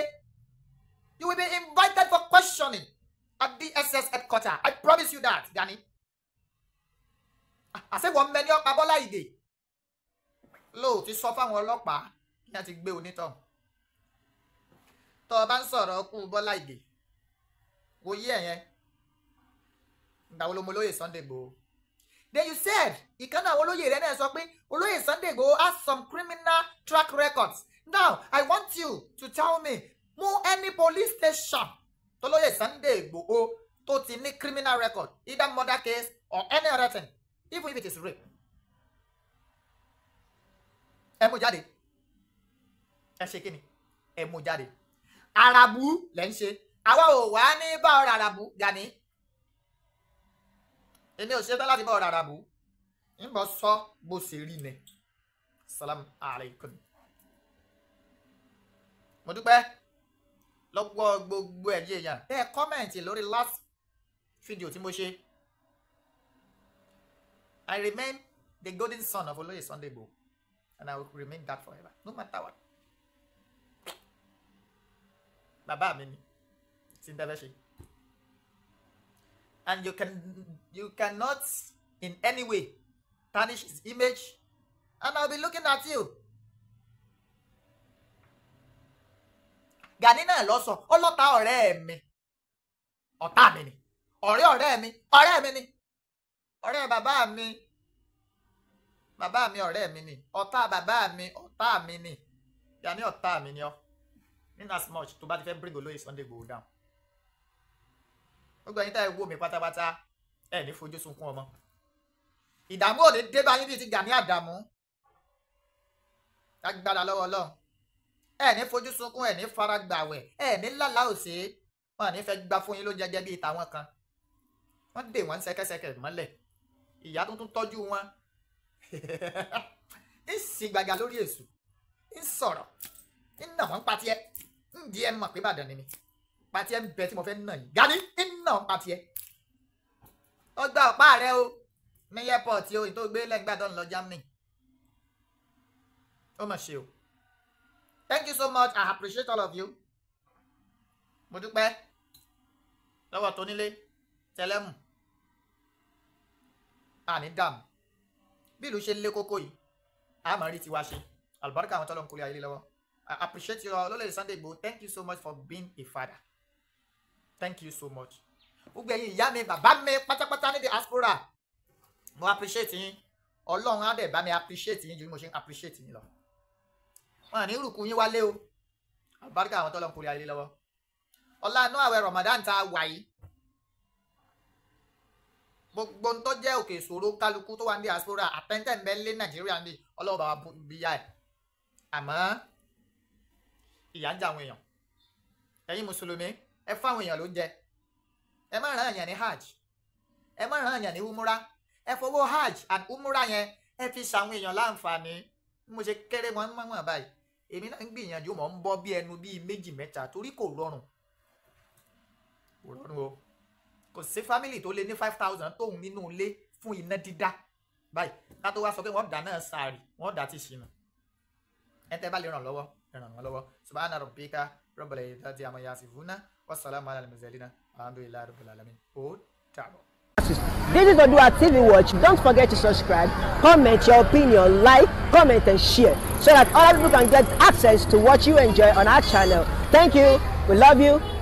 you will be invited for questioning at the SS headquarters I promise you that Gani àṣewọ̀n mẹ́ni ọ̀pá Bọ́lá Ìgè lóòótọ́ sọ fáwọn ọlọ́pàá ní a ti gbé onítọ̀ tọ́ ọ bá ń sọ̀rọ̀ ọkùnrin Bọ́lá Ìgè wòye ẹ̀yẹn ìgbà wo ló Sunday Igboho then you said ìkan náà olóyè rẹ náà sọ pé olóyè Sunday Igboho has some criminal track records now I want you to tell me mú any police station tolóyè Sunday Igboho tó ti ní criminal record either murder case or any other thing even if it is rape ẹ mú jáde ẹ ṣe kí ni ẹ mú jáde àràbù lẹ́ ń ṣe àwa ò wá ní bá ọ̀rọ̀ Gani èmi ò ṣetán láti bọ̀ rárá bò ń bọ̀ sọ bó ṣe rí ni salam aleikum mo dúpẹ́ lọ́pọ̀ gbogbo ẹ̀yẹ èèyàn bẹ́ẹ̀ kọ́mẹ̀ǹtì lórí last fídíò tí mo ṣe I remain the golden son of Olóyè Sunday bo, and I will remain that forever no matter what bàbá mi ni tí ń tẹ́lẹ̀ ṣe and you can you cannot in any way tarnish his image and I'll be looking at you. Gani náà lọ sọ ọlọ́ta ọ̀rẹ́ mi ọ̀tá mi ni ọ̀rẹ́ ọ̀rẹ́ mi ọ̀rẹ́ mi ni ọ̀rẹ́ bàbá mi bàbá mi ọ̀rẹ́ mi ni ọ̀tá bàbá mi ọ̀tá mi ni Gani ọ̀tá mi ni ọ in as much tó bá ti fẹ́ bring olóyè Sunday Igboho down gbogbo ẹ̀yin tá ẹ wo mi pátápátá ẹ ní fojú sunkún ọmọ ìdààmú ò ní dé bá yín bíi ti Gani Adamu lágbára lọ́wọ́ Ọlọ́run ẹ ní fojú sunkún ẹ ní fara gbàwẹ̀ ẹ ní lálá òsè wọn ní fẹ́ gba fún yín ló jẹjẹ bíi tàwọn kan wọ́n dè wọ́n ṣẹ̀kẹ̀ṣẹ̀kẹ̀ mọ́lẹ̀ ìyá tó tún tọ́jú wọn *laughs* ń sì gbàgà lórí èṣù ń sọ̀rọ̀ ń nà wọ́n pa ń di ẹ̀ mọ̀ pé Ìbàdàn ni mi pati ẹ ń bẹ tí mo fẹ́ nà yìí Gani ń nà pati ẹ ó gba ọ̀pá rẹ o ní airport o tó gbé lẹ́yìn lọ Germany ó mà ṣe o thank you so much I appreciate all of you mo dúpẹ́ lọ́wọ́ tónílé tẹlẹ́mù àní dàmù bí ìlú ṣe lé kókó yìí a máa rí tiwa ṣe àlùbáríkà àwọn tọ́lọ́ ń kórè ayé lọ́wọ́ I appreciate you all lọ́lẹ̀ Sunday Igboho thank you so much for being a father thank you so much gbogbo ẹ̀yin ìyá mi bàbá mi pátápátá ní aspora. mo appreciate yín ọlọ́run á dẹ̀ bá mi appreciate yín ju bí mo ṣe ń appreciate yín lọ wọn ní rùkú yín wálé o àbáríkà àwọn tọ́lọ́ ń kórè ayé lọ́wọ́ ọ̀la inú àwẹ̀ Ramadan ta a wà yìí gbogbo ń tọ́jẹ́ òkè ìṣòro kálukú tó wà ní diaspora àtẹ́ntẹ́ ń bẹ lé Nàìjíríà ní ọlọ́run bàbá bí yá ẹ̀ àmọ́ ìyà ń jà àwọn èèyàn ẹ̀yin mùsùlùmí ẹ fáwọn èèyàn ló ń jẹ ẹ má ràn èèyàn ní hajj ẹ má ràn èèyàn ní umura ẹ fowó hajj and umura yẹn ẹ fi ṣàwọn èèyàn láǹfààní mo ṣe kéré wọn mọ̀mọ́ báyìí èmi náà ń gbìyànjú mò ń bọ́ bí ẹnu bíi méjì mẹ́ta torí kò rọrùn kò rọrùn o kò sí fámìlì tó lé ní five thousand tóun nínú ilé fún iná dídá báyìí ká tó wá sọ pé wọ́n dà náà sàárì wọ́n dà ti ṣìnà ẹ tẹ́ bá lè ràn lọ́wọ́ ràn wọ́n lọ́wọ́ subhana rabbika rabbil izzati amma yasifuna wasalaamu ala mizalina alhamdulilayi rabbil alamin ó dàbọ̀. This is Odua TV Watch. Don't forget to subscribe, comment your opinion, like, comment and share so that other people can get access to what you enjoy on our channel. Thank you. We love you.